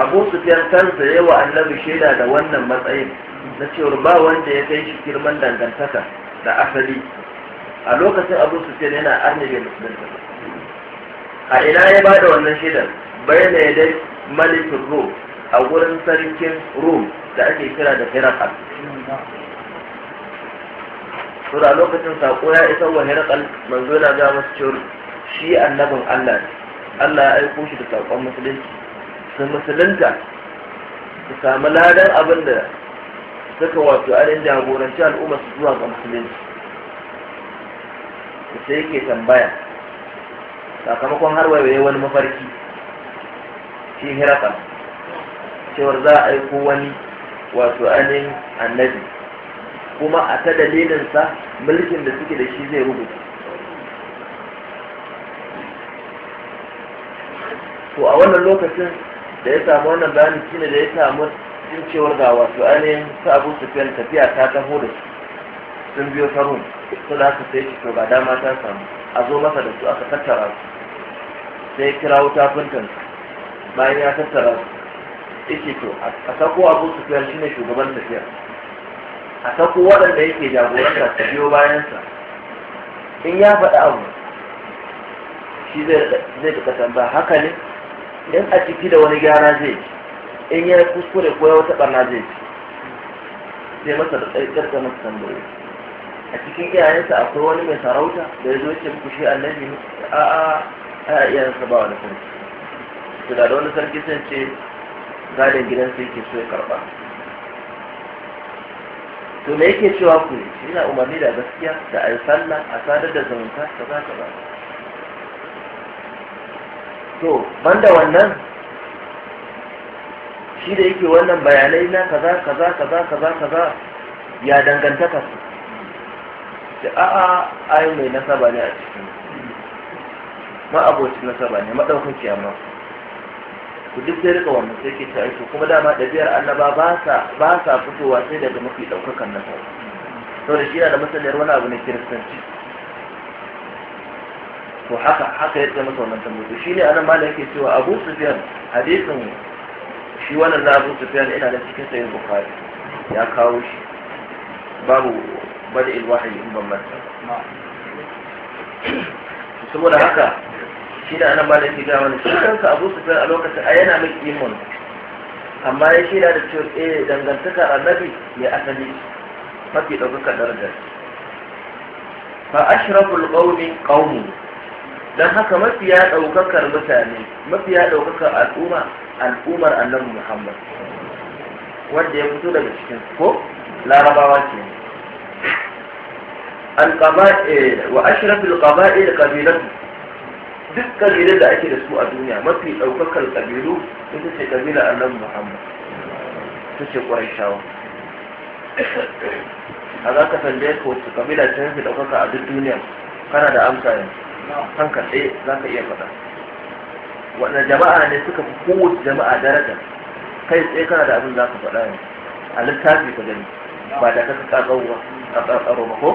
abu Sufiyar kansa yawa annabi shaida da wannan matsayin na cewar ba wanda ya kai shi girman dangantaka da asali a lokacin abu Sufiyar yana arne bai musulunta a ina ya ba da wannan shidan bai na yadda malikin rum a wurin sarkin rum da ake kira da herakal sura lokacin saƙo ya isa wa herakal manzo na ga masu cewa shi annabin allah ne allah ya aiko shi da saƙon musulunci su musulunta su samu ladan abin da suka wato alin jagoranci al'umma su zuwa ga musulunci sai yake tambaya sakamakon har yi wani mafarki shi hiraka cewar za a aiko wani wato ainihin annabi kuma a ta dalilinsa mulkin da suke da shi zai rubuta to a wannan lokacin da ya samu wannan bayanin shine da ya samu cin cewar ga wato ainihin su abu fiye tafiya ta taho da shi sun biyo ta su da aka sai shi to ba dama ta samu a zo masa da su aka tattara su sai kira wuta fintan bayan ya tattara yake to a sako abu su fiyar shi ne shugaban tafiya a sako waɗanda yake jagoranta su biyo bayansa in ya faɗi abu shi zai da ba haka ne in a ciki da wani gyara zai in ya kuskure ko ya wata ɓarna zai sai masa da tsarkarsa masa tambayi. a cikin iyayensa akwai wani mai sarauta da ya zo ce muku shi annabi a'a ana iya ba wani sarki to da wani sarki sun ce gadin gidansa yake so ya karba to me yake cewa ku shi yana umarni da gaskiya da a yi sallah a sadar da zumunta ta za ka ba to banda wannan shi da yake wannan bayanai na kaza kaza kaza kaza kaza ya dangantaka su a'a ai mai nasaba ne a cikin ma abokin nasaba ne madaukakiya amma ku duk sai rika wannan sai ke tare su kuma dama ɗabi'ar annaba ba sa fitowa sai daga mafi ɗaukakan nasaba da shi yana da masaniyar wani abu na kiristanci to haka haka ya masa wannan tambayi shi ne anan malam yake cewa abu sufiyan hadisin shi wannan na abu sufiyan ina da cikin sayin bukari ya kawo shi babu bada ilwahayi in ban manta saboda haka shi da anan malaki ga wani shi kansa abu su a lokacin a yana mai imun amma ya shi da cewa eh a annabi mai asali mafi ɗaukaka darajar fa ashraful qawmi qawmi dan haka mafi ya ɗaukakar mutane ya ɗaukakar al'umma al'ummar annabi muhammad wanda ya fito daga cikin ko larabawa ke wa ashrafil القبائل قبيلته duk kabilar da ake da su a duniya mafi ɗaukakar kabilu ita ce kabila annabi muhammad ta ce shawa a za ka tambaye ka wacce kabila ta mafi ɗaukaka a duk duniya kana da amsa yanzu kanka tsaye za ka iya faɗa wadda jama'a ne suka fi kowace jama'a daraja kai tsaye kana da abin za ka faɗa yanzu a littafi ka gani ba da kasa ƙaƙaro ba ko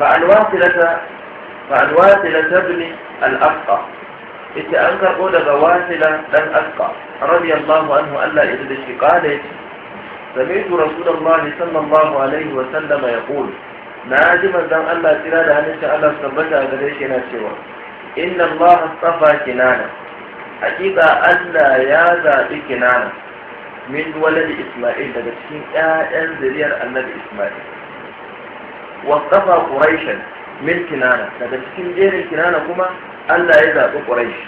فالواصلة فالواصلة ابن الأفقى ita an karɓo daga wasila ɗan aska radiyallahu anhu Allah ya da shi kale sami'tu rasulullahi sallallahu alaihi wa sallama yaqul na ji manzon Allah kira da hannun Allah tabbata a gare shi yana cewa inna Allah astafa kinana hakika Allah ya zaɓi kinana min waladi Isma'il daga cikin 'ya'yan zuriyar annabi Isma'il wasafa quraishan min kinana daga cikin jerin kinana kuma Allah ya zaɓi quraish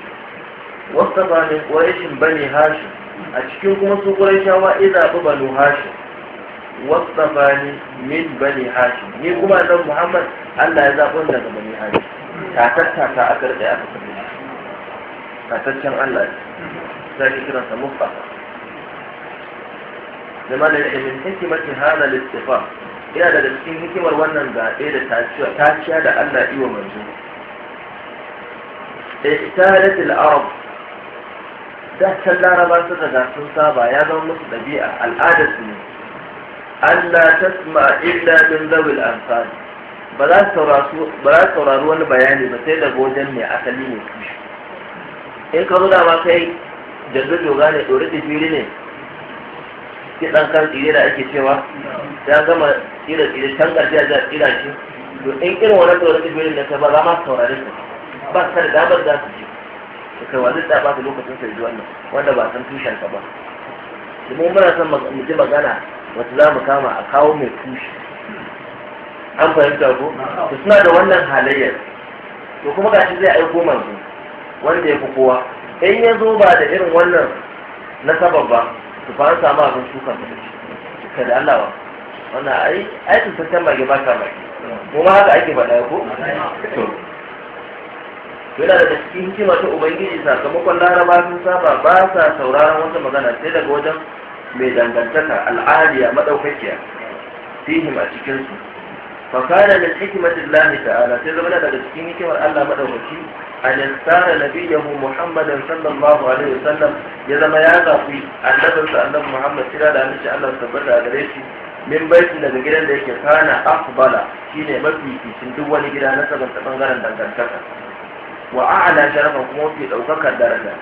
wasafa min quraishin bani hashim a cikin kuma su quraishawa ya zaɓi banu hashim wasafa ni min bani hashim ni kuma dan Muhammad Allah ya zaɓi daga bani hashim tatatta ta aka rike aka sabi tataccen Allah sai kiransa mustafa لمن من حكمة هذا الاستفاق yana daga cikin hikimar wannan zaɓe da taciya da Allah iwa manzo ihtalatil arab da can laraba su daga sun saba ya zama musu ɗabi'a al'adar su ne Allah tasma illa min zawil anfal ba za su saurari wani bayani ba sai daga wajen mai asali ne in ka zo da ma kai janzu doga ne ɗore da ne kitsan kan tsire da ake cewa ya gama tsire tsire can ƙarshe da tsira shi to in irin wani tsoron tsibirin da ka ba za ma saurare su ba ka da damar za su ji da kai wani da ba lokacin sai zuwa wannan wanda ba san tushen ka ba domin muna son mu ji magana wata za mu kama a kawo mai tushe an fahimta ko to suna da wannan halayyar to kuma ga shi zai aiko manzo wanda ya fi kowa in ya zo ba da irin wannan na sabab ba su fara samu abin shukan da ka da Allah ba wannan ai ai mage ba ka mage kuma haka ake faɗa ko to yana da cikin hikima ta ubangiji sakamakon laraba sun saba ba sa sauraron wata magana sai daga wajen mai dangantaka al'adiya madaukakiya fihim a cikinsu فكان من حكمة الله تعالى تزمنا لك تكيني كما ألا مدوكي أن ينسان نبيه محمدا صلى الله عليه وسلم يزم ياغا في النبي صلى الله محمد صلى الله عليه وسلم ثبت أدريسي min baitin daga gidan da yake kana akbala shine mafi mafificin duk wani gida na sabon ta bangaren dangantaka wa a'la sharafa kuma mafi daukakar daraja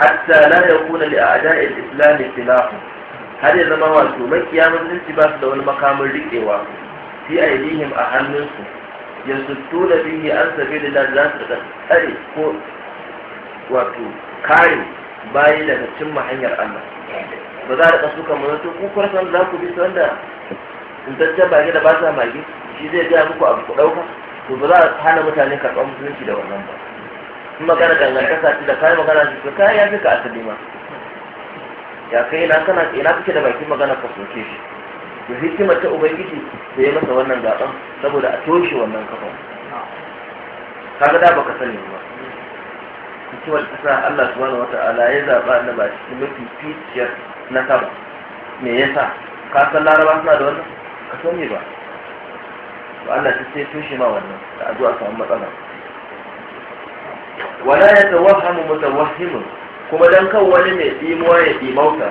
hatta la yakuna li a'da'i al-islam khilaf har ya zama wato makiya musulunci ba su da wani makamin riƙewa fi aidihim a hannunsu ya suttu da bihi an sabi da za su tsare ko wato kare bayi daga cimma hanyar Allah ba za a rika suka mana to ku san za ku bi san da intaccen bage da ba sa mage shi zai gaya muku abu ku ɗauka to ba za a hana mutane karɓar musulunci da wannan ba in magana dangantaka ce da kayan magana su kayan ya fi ka asali ma ya kai ina kana ina kake da bakin magana ka soke shi da hikimar ta ubangiji da ya masa wannan gaban saboda a toshe wannan kafan kaga da baka sani ba hikimar ta sa Allah subhanahu wata'ala ya zaba na ba cikin mafi ficiyar na kaba me yasa ka san laraba suna da wannan ka san sani ba to Allah ta sai toshe ma wannan da a zuwa samu matsala wala yatawahhamu mutawahhimun kuma dan kan wani mai imuwa ya dimauta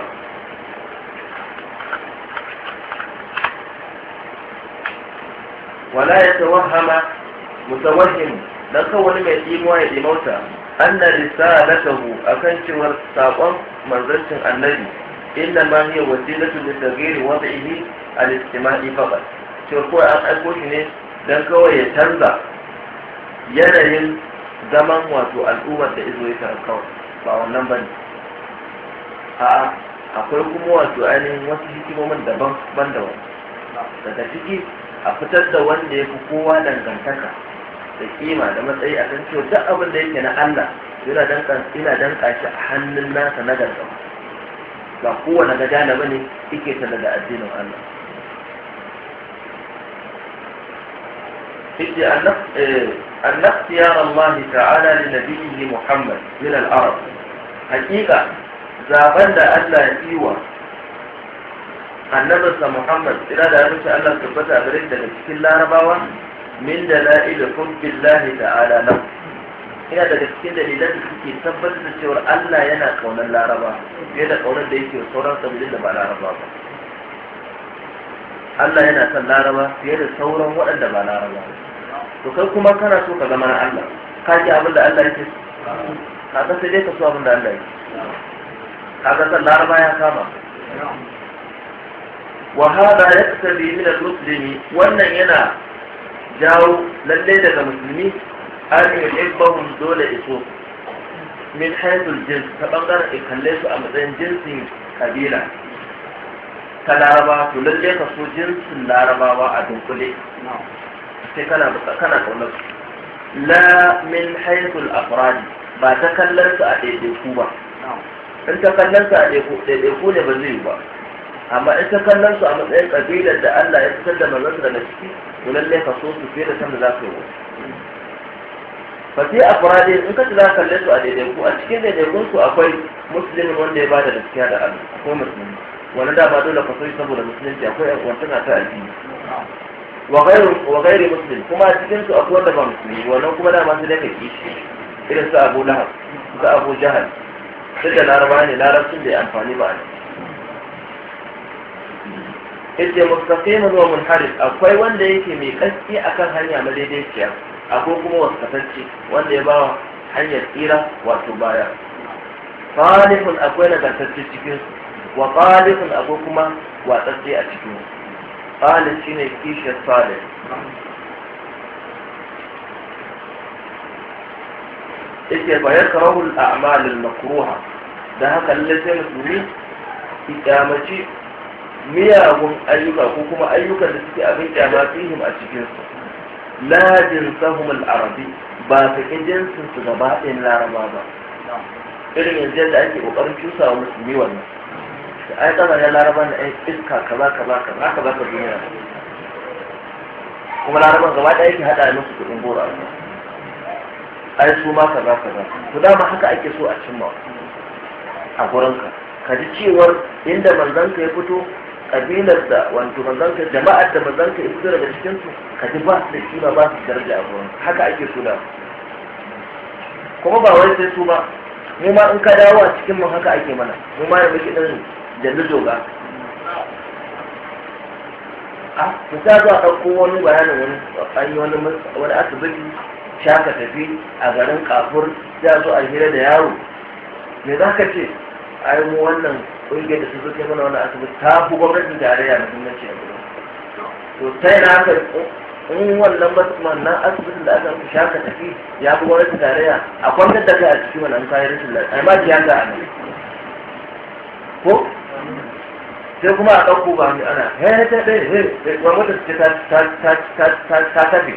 wala ya tawahama mutawahim dan kan wani mai imuwa ya dimauta anna risalatahu akan cewar sakon manzancin annabi inna ma hiya wasilatu li taghyiri wad'ihi al-istima'i faqat cewa ko an aiko shi ne dan kawai ya canza yanayin zaman wato al'ummar da izo ya kawai ba wannan ba ne. a'a akwai kuma wato ainihin wasu hikimomin daban ban daga ciki a fitar da wanda ya fi kowa dangantaka da kima da matsayi a kan cewa duk abin da yake na Allah yana danka ina danka shi a hannun nasa na gargaba ba kowane gajana bane yake tana da addinin Allah إذ أن اختيار الله تعالى لنبيه muhammad من العرب haƙiƙa zaben da Allah ya wa. annabinsa muhammad ina da amince allah tabbata a gare daga cikin larabawa min da la'ila hubbillahi ta'ala lahu ina daga cikin dalilan da suke tabbatar da cewar allah yana kaunar laraba fiye da kaunar da yake sauran kabilun da ba laraba ba allah yana son laraba fiye da sauran waɗanda ba laraba to kai kuma kana so ka zama na allah ka ji abin da allah yake ka san sai dai ka so abin da allah yake ka san laraba ya kama wa hada yaktabi min al-muslimi wannan yana jawo lalle daga musulmi an yuhibbahum dole iso min haythul jins ta bangaren ikalle su a matsayin jinsin kabila ta laraba to lalle ka so jinsin larabawa a dunkule sai kana kana kaunar su la min haythul afradi ba ta kallon su a ku ba in ta kallon su a ku ne ba zai yi ba amma in kallon su a matsayin kabilar da Allah ya fitar da manzansa daga ciki to lalle ka so su fiye da san da za ka yi wasu fa sai a furade in ka za kalle su a daidaiku a cikin daidaikun su akwai musulmin wanda ya ba da gaskiya da Allah akwai musulmi wani da ba dole ka so saboda musulunci akwai na ta addini wa gairi musulmi kuma a cikin su akwai wanda ba musulmi wannan kuma da masu daga kishi irin su abu lahab su abu jahal duk da laraba ne larabcin da ya amfani ba a yace mustaqimun wa munharif akwai wanda yake mai kaske akan hanya madaidaiciya akwai kuma wasatacce wanda ya bawa hanyar tsira wato baya salihun akwai nagartacce cikin wa salihun akwai kuma watsatse a cikin salih shine kishiyar salih yake bayar yakrahu a amal al-makruha da haka lalle musulmi ikamaci miyagun ayyuka ko kuma ayyukan da suke abin kyama fihim a cikinsu la jinsahum al-arabi ba ka jinsin su gaba ɗayan laraba ba irin yanzu yadda ake ƙoƙarin cusa wa musulmi wannan da ai tsara ya laraba na ɗan iska kaza kaza kaza haka ba ka duniya kuma laraban gaba ɗaya yake haɗa musu kuɗin goro ai su ma kaza kaza to dama haka ake so a cimma a gurinka ka ji cewar inda manzanka ya fito kabilarsa da wato manzanka jama'ar da manzanka ya fito daga cikinsu, su ka ji ba su da shi ba su daraja a gurin haka ake so da kuma ba wai sai su ba mu ma in ka dawo a cikin mu haka ake mana mu ma da muke dan jallu joga a ku ta zuwa ɗauko wani bayanin wani an yi wani asibiti shaka tafi a garin kafur ya zo a hira da yaro me za ka ce ai mu wannan ƙungiyar da su zo mana wani asibiti ta fi gwamnatin tarayya da gwamnati a gurin to ta yana aka in wannan musamman na asibitin da aka ka tafi ya fi gwamnatin tarayya a kwantar da kai a cikin wannan kayan rashin lafiya amma ya ga a nan ko sai kuma a ɗauko ba ni ana he he he he gwamnati wata suke ta tafi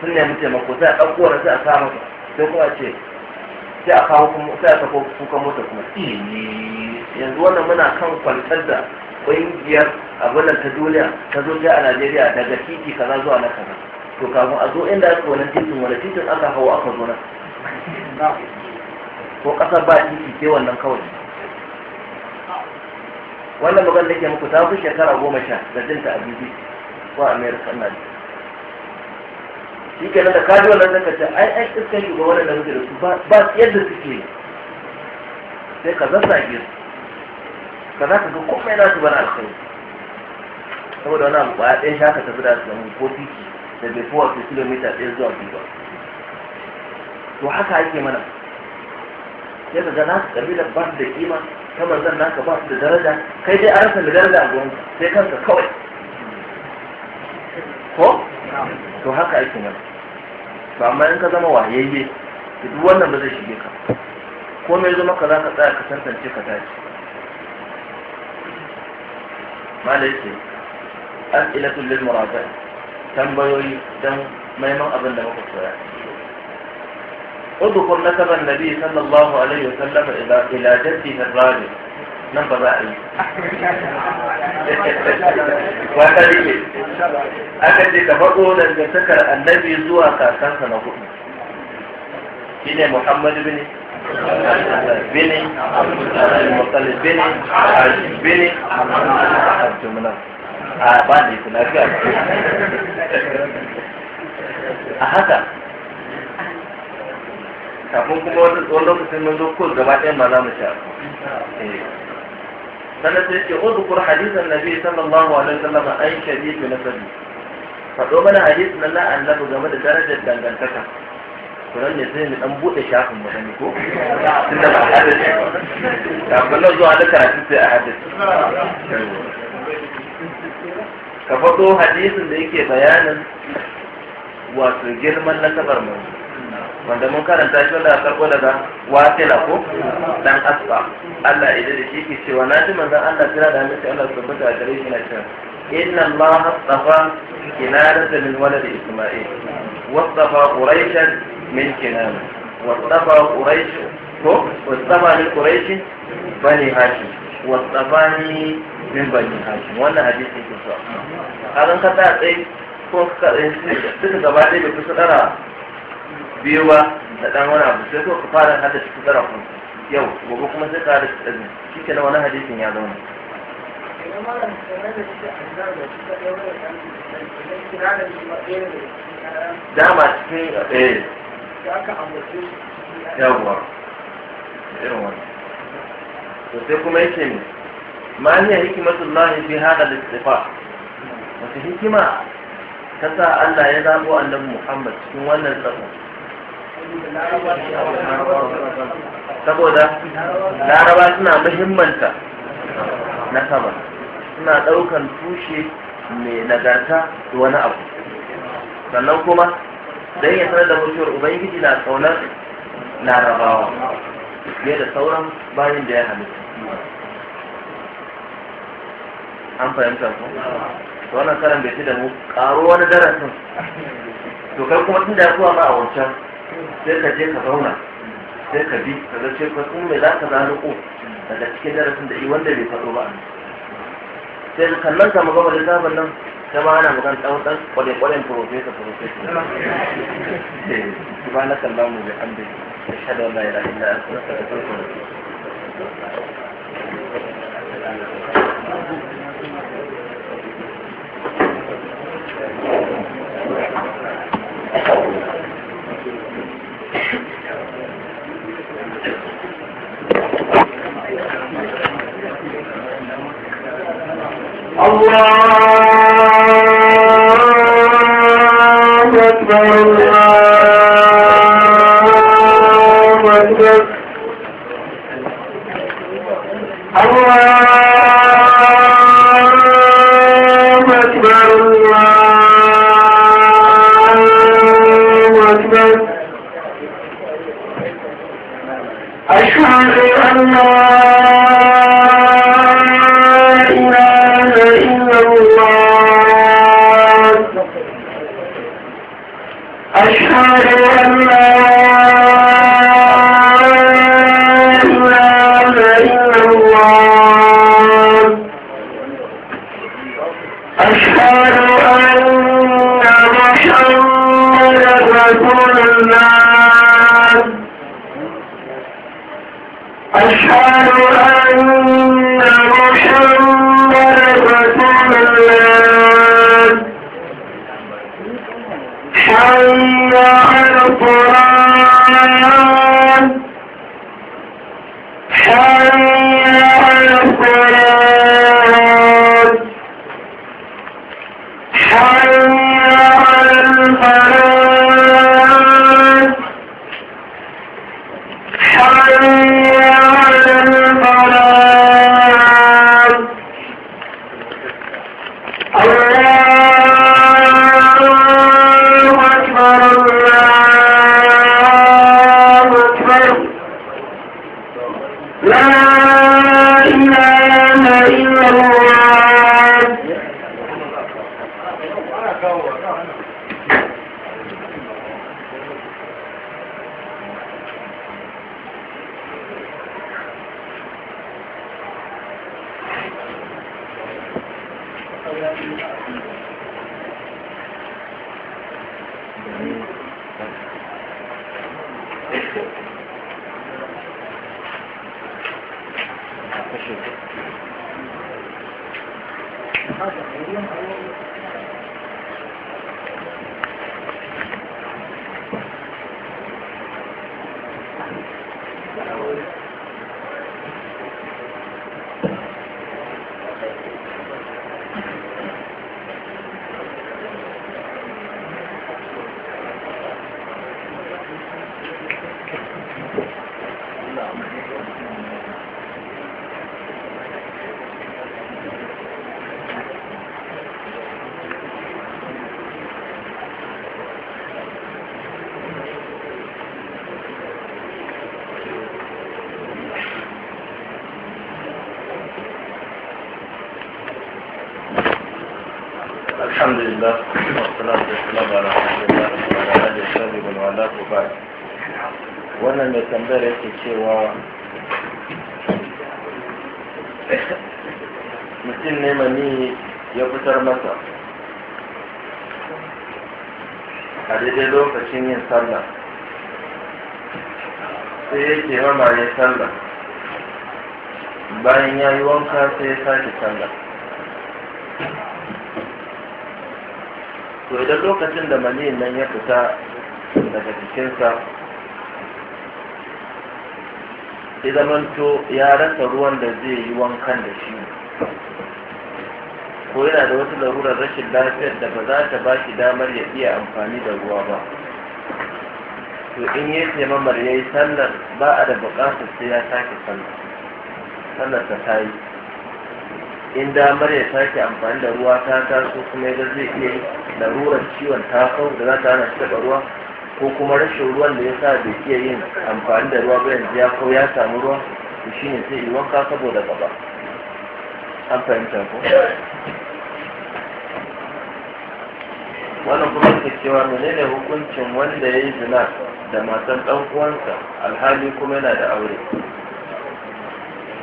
sun nemi taimako sai a ɗauko wani sai a sa masa sai kuma a ce sai a kawo kuma sai a sako kukan mota kuma yanzu wannan muna kan kwantar da ƙungiyar abin ta duniya ta zo a najeriya daga titi kaza zuwa na kaza to kafin a zo inda aka wannan titin wani titin aka hawa aka zo na ko ƙasa ba titi sai wannan kawai wannan magana da ke muku ta fi shekara goma sha da jinta a bibi, ko mayar na shi ke nan da kaji wannan zaka ce ai ai iskan shi ga wannan da muke da su ba yadda suke sai ka zasa ke su ka zaka ka ga komai na su bana alkhairi saboda wani abu ba ɗaya shaka tafi da su da mun ko titi da bai fi wasu kilomita ɗaya zuwa biyu ba to haka ake mana sai ka ga nasu ƙabilar ba su da kima ta manzan naka ba su da daraja kai dai a rasa da daraja a gwamnati sai kanka kawai to haka ake mana to amma in ka zama wayayye duk wannan ba zai shige ka ko mai zama ka za ka tsaya ka tantance ka tashi mala yake as'ilatul lil murabai tambayoyi dan maiman abin da muka koya اذكر نسب النبي صلى الله عليه وسلم الى الى جده nan ba za a yi wata rike aka ce ka faɗo dangantakar annabi zuwa kakansa na hudu shi ne muhammad bin bin al-mutalib bin bin al-jumla a ba ne ku na lafiya a haka kafin kuma wani lokacin mun zo kul gaba ɗaya ma za mu sha eh. sannan sai ce udukur hadisan nabi sallallahu alaihi wasallam ai shadidu nasabi faɗo mana hadisi nan na annabi game da darajar dangantaka kuran ne sai mu dan bude shafin mu ne ko tunda ba hadisi kafin nan zuwa da karatu sai a hadisi ka faɗo hadisin da yake bayanin wato girman nasabar manzo wanda mun karanta shi wanda karɓo daga wasila ko dan asfa Allah ya da shi ke cewa na ji manzon Allah kira da mace Allah su tabbata a gare shi na ce inna Allah astafa kinanata min walad isma'il wastafa quraishan min kinana wastafa quraish ko wastafa ni quraish bani hashim ni min bani hashim wannan hadisi ke so a ran ka ta tsaye ko ka tsaye duka gaba da bai kusa ɗara biyo ba da dan wani abu sai ko ka fara hada shi ku tsara kun yau gobe kuma sai ka hada shi da shi ke na wani hadisin ya zauna dama cikin eh yawwa irin wani to sai kuma yake ne ma hiya hikimatullahi fi hada da istifa wata hikima ta sa Allah ya zabo annabi Muhammad cikin wannan tsakon saboda laraba suna muhimmanta na sama suna ɗaukan tushe mai nagarta da wani abu sannan kuma don ya sanar da mutuwar ubangiji na tsaunar larabawa fiye da sauran bayan da ya halitta an fahimta ku da wannan karan bai ci da mu karo wani darasin to kai kuma tun da ya zuwa ma a wancan sai ka je ka zauna sai ka bi ka zace ka kun me za ka zano ko daga cikin darasin da wanda bai faɗo ba sai kallon ka magana da zaban nan ta ma ana magana tsawon ɗan kwale-kwalen profesa profesa eh, ba na kallon mu bai an bai shaɗa wanda ya rayu da ya Thank you. الله أكبر الله لله والصلاة والسلام على رسول الله وعلى آله wannan mai tambayar yake cewa mutum ne mani ya fitar masa a daidai lokacin yin sallah sai yake mamaye sallah bayan ya yi wanka sai ya sake sallah to idan lokacin da maniyin nan ya fita daga jikinsa izamanto ya rasa ruwan da zai yi wankan da shi ko yana da wasu larurar rashin lafiyar da ba za ta ba shi damar ya iya amfani da ruwa ba to in yi ce ya yi sallar ba a da bukatar sai ya sake sallar sallar ta ta yi in damar ya sake amfani da ruwa ta taso kuma ya zai iya larurar ciwon taso da za ta hana shi taɓa ruwa ko kuma rashin ruwan da ya sa bai iya yin amfani da ruwa ba yanzu ya ko ya samu ruwa to shine sai yi wanka saboda gaba an fahimta ko wannan kuma ta cewa menene hukuncin wanda ya yi zina da matan ɗan uwansa alhali kuma yana da aure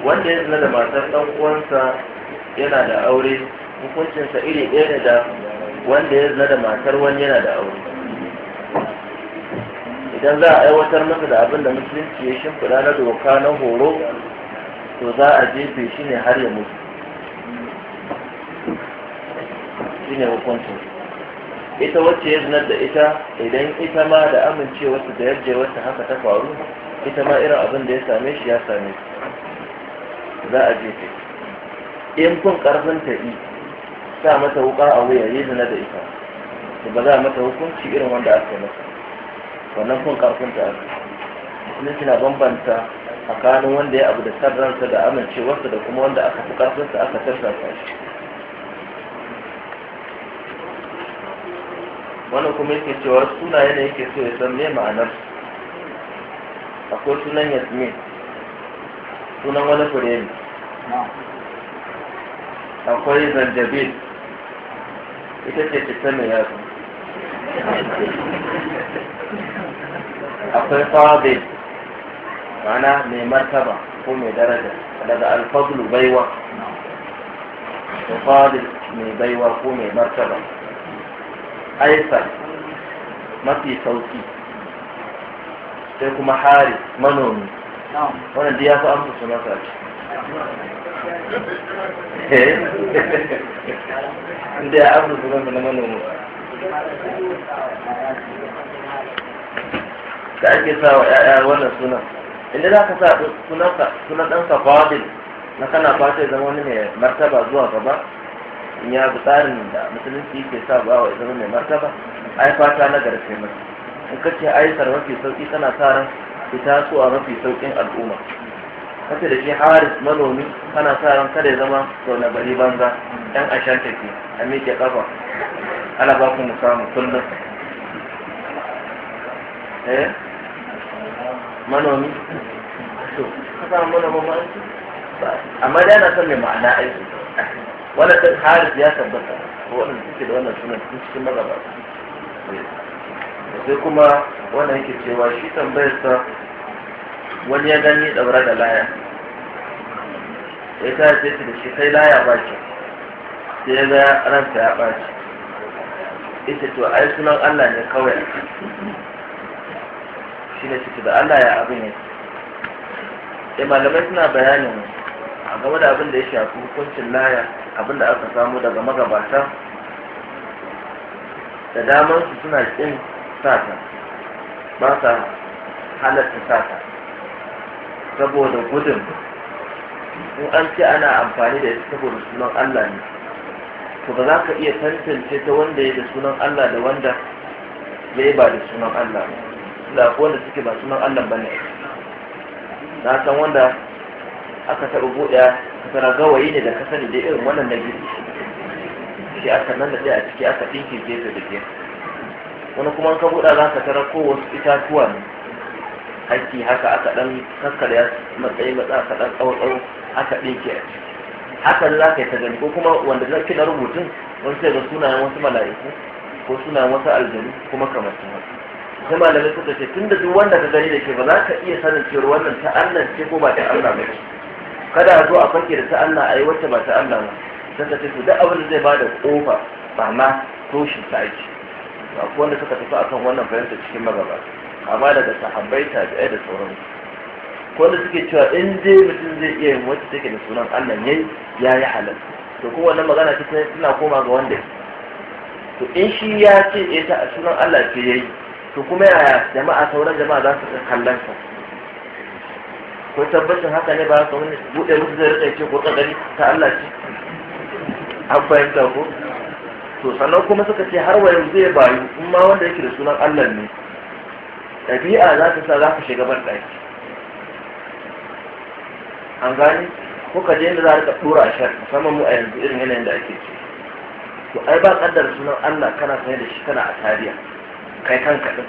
wanda ya zina da matan ɗan uwansa yana da aure hukuncinsa iri ɗaya ne da wanda ya zina da matar wani yana da aure idan za a aiwatar masa da abin da musulunci ya shimfiɗa na doka na horo to za a jefe shi ne har ya mutu shi ne hukuncin ita wacce ya zinar da ita idan ita ma da amincewarsa da yarjewarsa haka ta faru ita ma irin abin da ya same shi ya same za a jefe in kun karfin ta yi sa mata wuka a wuya yi zina da ita da ba za a mata hukunci irin wanda aka yi masa wannan kun karfin ta aka musulunci na bambanta tsakanin wanda ya abu da san ransa da amincewarsa da kuma wanda aka fi karfinsa aka ta shi wannan kuma yake cewa sunaye ne yake so ya san me ma'anar akwai sunan yasmin sunan wani fure ne akwai zanjabil ita ce cikin mai yaro akwai fadil ma'ana mai martaba ko mai daraja daga alfadlu baiwa fadil mai baiwa ko mai martaba aisa mafi sauki sai kuma hari manomi wannan da ya fi amsa su masa Eh? inda ya abu zuban na manoma da ake sa wa ‘ya'ya wannan sunan inda za ka sa sunan ɗansa fadil na kana fata zama wani mai martaba zuwa gaba in ya bi tsarin da musulunci ke sa ba wa zama mai martaba ai fata na garfe masa in ka ce ai mafi sauƙi tana sa ran fita so a mafi sauƙin al'umma kasa da shi haris manomi kana sa ran kada ya zama to na bari banza dan a sha take a miƙe ƙafa ana ba ku musamu kullum eh manomi to kasa manomi ma amma dai ana son mai ma'ana aiki wannan din haris ya tabbata ko wannan suke da wannan sunan cikin magaba eh. sai kuma wannan yake cewa shi tambayar sa wani ya gani tsabara da laya ya ta ce da shi kai laya ba ki sai ya ga ransa ya ɓaci ita to ai sunan Allah ne kawai shi ne ciki da Allah ya abin yake e malamai suna bayanin a game da abin da ya shafi hukuncin laya abin da aka samu daga magabata da damansu suna ƙin sata ba sa halatta sata saboda gudun in an ce ana amfani da ita saboda sunan Allah ne to ba za ka iya tantance ta wanda ya da sunan Allah da wanda ya yi ba da sunan Allah da wanda suke ba sunan Allah ba ne na san wanda aka taɓa buɗe ka tara gawayi ne da ka sani da irin wannan na gidi shi aka nan da a ciki aka ɗinke gefe da gefe wani kuma ka buɗa za ka tara ko wasu itatuwa ne haƙƙi haka aka kaskar ya matsayi matsa aka ɗan tsawo aka ɗinke a ciki hakan za ka yi ta gani ko kuma wanda na kina rubutun wani sai ga sunayen wasu mala'iku ko sunayen wasu aljanu kuma kamar su haka sai malamai suka ce tunda duk wanda ka gani da ke ba za ka iya sanin cewar wannan ta Allah ce ko ba ta Allah ba kada a zo a fanke da ta Allah a yi wacce ba ta ba sai ka ce to duk abin da zai bada kofa ba ma toshin ta aiki ba wanda suka tafi akan wannan fahimta cikin magabata amma daga sahabbai tabi'ai da ko da suke cewa in je mutum zai iya yin wacce take da sunan Allah yayi ya yi halal to kuma wannan magana ta tana koma ga wanda to in shi ya ce eh ta sunan Allah ce yayi to kuma yaya jama'a sauran jama'a za su kallon sa ko tabbacin haka ne ba ka wani bude musu zai rika ce ko kadari ta Allah ce an fahimta ko to sannan kuma suka ce har wa yanzu zai bayu in ma wanda yake da sunan Allah ne ɗabi'a za ta sa za ka shiga ban ɗaki an gani ko ka je da za ka ɗora a shan musamman mu a yanzu irin yanayin da ake ce to ai ba ƙaddar sunan Allah kana sanye da shi kana a tariya kai kanka ɗin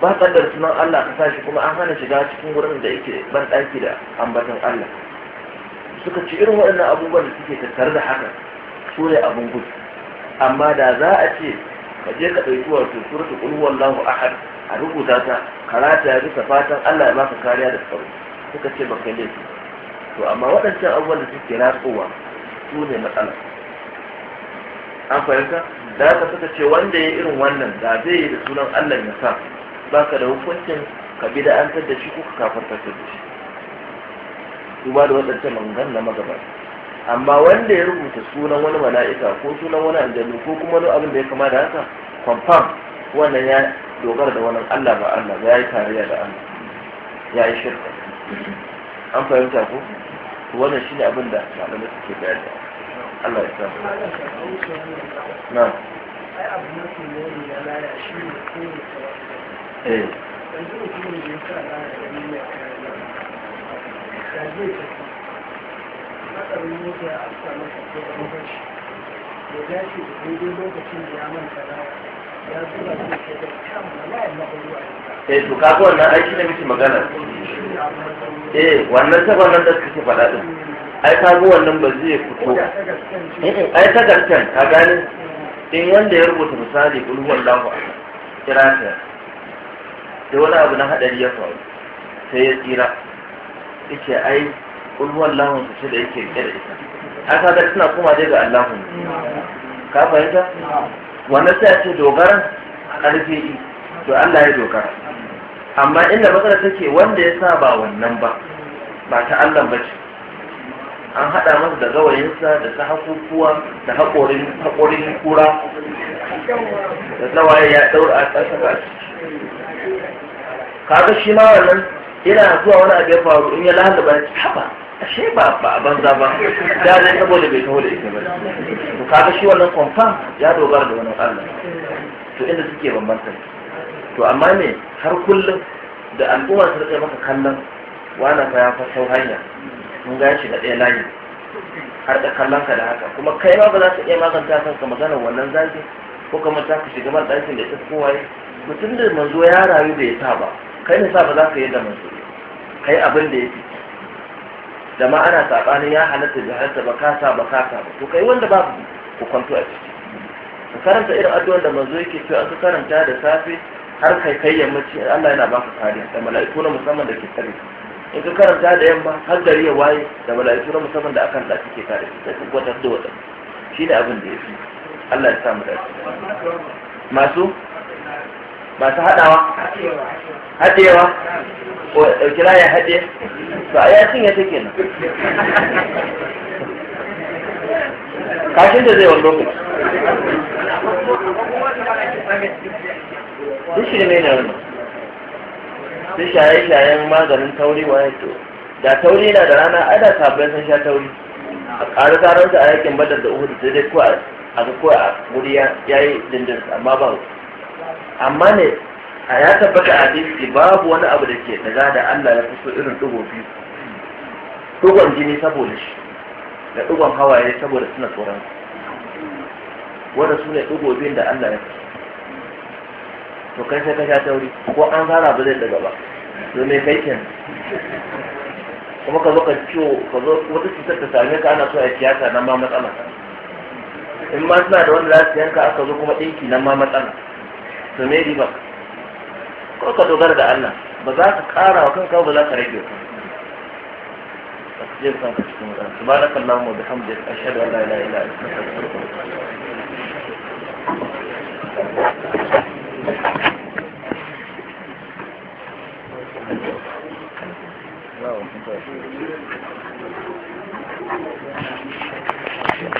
ba ƙaddar sunan Allah ka sa shi kuma an hana shiga cikin wurin da yake ban ɗaki da ambaton Allah suka ci irin waɗannan abubuwan da suke tattare da haka su ne abin gudu amma da za a ce ka je ka ɗauki wato suratu qul huwallahu ahad a rubuta ta karata ya bisa fatan Allah ya baka kariya da tsaro suka ce baka laifi to amma waɗancan abubuwan da suke ratsowa su ne matsala an fahimta da haka suka ce wanda ya irin wannan da zai yi da sunan Allah ya sa baka da hukuncin ka bi da an da shi ko ka kafartar da shi duba da waɗancan mangan na magabata amma wanda ya rubuta sunan wani mala'ika ko sunan wani aljannu ko kuma wani abin da ya kama da haka kwamfam wannan ya dogara da wannan Allah ba Allah ba ya yi tariya da Allah ya yi shirka an fahimta ko wannan shine abin da malamai suke da Allah ya sa na eh Ya eh to kaga wannan aiki da miki magana eh wannan ta wannan da kake faɗa din ai kaga wannan ba zai fito ai ta gaskan ka gane in wanda ya rubuta misali kulhu wallahu kira ta sai wani abu na hadari ya faru sai ya tsira yace ai kul huwa allahun su ce da yake rike da ita an kaga suna kuma dai ga allahun ka fahimta wannan sai a ce dogaran ƙarfi to allah ya dogara amma inda matsala take wanda ya sa ba wannan ba ba ta allah ba ce an haɗa masa da gawayensa da ta hakukuwa da haƙorin kura da tsawaye ya ɗaura a ƙasa ba kaga shi ma wannan yana zuwa wani abu ya faru in ya lalaba ya ci haɓa ashe ba ba a banza ba da zai saboda bai taho da ita ba to kaga shi wannan kwamfan ya dogara da wannan allah to inda suke bambanta to amma ne har kullum da al'ummar su rike maka kallon wani fa ya sau hanya mun ga shi da ɗaya layi har da kallon ka da haka kuma kai ma ba za ka iya maganta ka magana wannan zaki ko kamar ta ka shiga mal ɗakin da ita kowaye mutum da manzo ya rayu da ya sa ba kai ne sa za ka yi da manzo kai abin da ya fi da ma ana saɓanin ya halatta da halatta ba kasa ba kasa ba to kai wanda babu ku kwanto a ciki ka karanta irin addu'an da manzo yake cewa an ka karanta da safe har kai kai yammaci Allah yana baka kariya da mala'iku na musamman da ke tsare in ka karanta da yamma har gari ya waye da mala'iku na musamman da akan da kike kare da ku gwatar da wadannan shine abin da yake Allah ya samu dace masu masu haɗawa haɗewa ko ɗauki raya haɗe to a yasin ya take nan kashin da zai wando ku duk shi ne na wannan duk shaye-shayen maganin tauri wa to da tauri na da rana ai da sabbin sun sha tauri a ƙari taron a yakin badar da uhudu sai dai ko a ga ko a wuri ya yi dindin amma ba amma ne a ya tabbata a hadisi babu wani abu da ke daga da Allah ya fi so irin dugo biyu dugon jini saboda shi da dugon hawaye saboda suna tsoron wanda su ne dugo biyun da Allah ya fi to kai sai ka sha tauri ko an zara ba zai daga ba domin kai kenan kuma ka zo ka ciwo ka zo wata cutar ta same ka ana so a tiyata nan ma matsala in ma suna da wanda za su yanka aka zo kuma ɗinki nan ma matsala to me riba ko ka dogara da Allah ba za ka kara wa kanka ba za ka rage wa kanka jin kanka cikin wadda subhanaka allahumma wa bihamdika ashhadu an la ilaha illa anta astaghfiruka wa atubu ilaik Wow,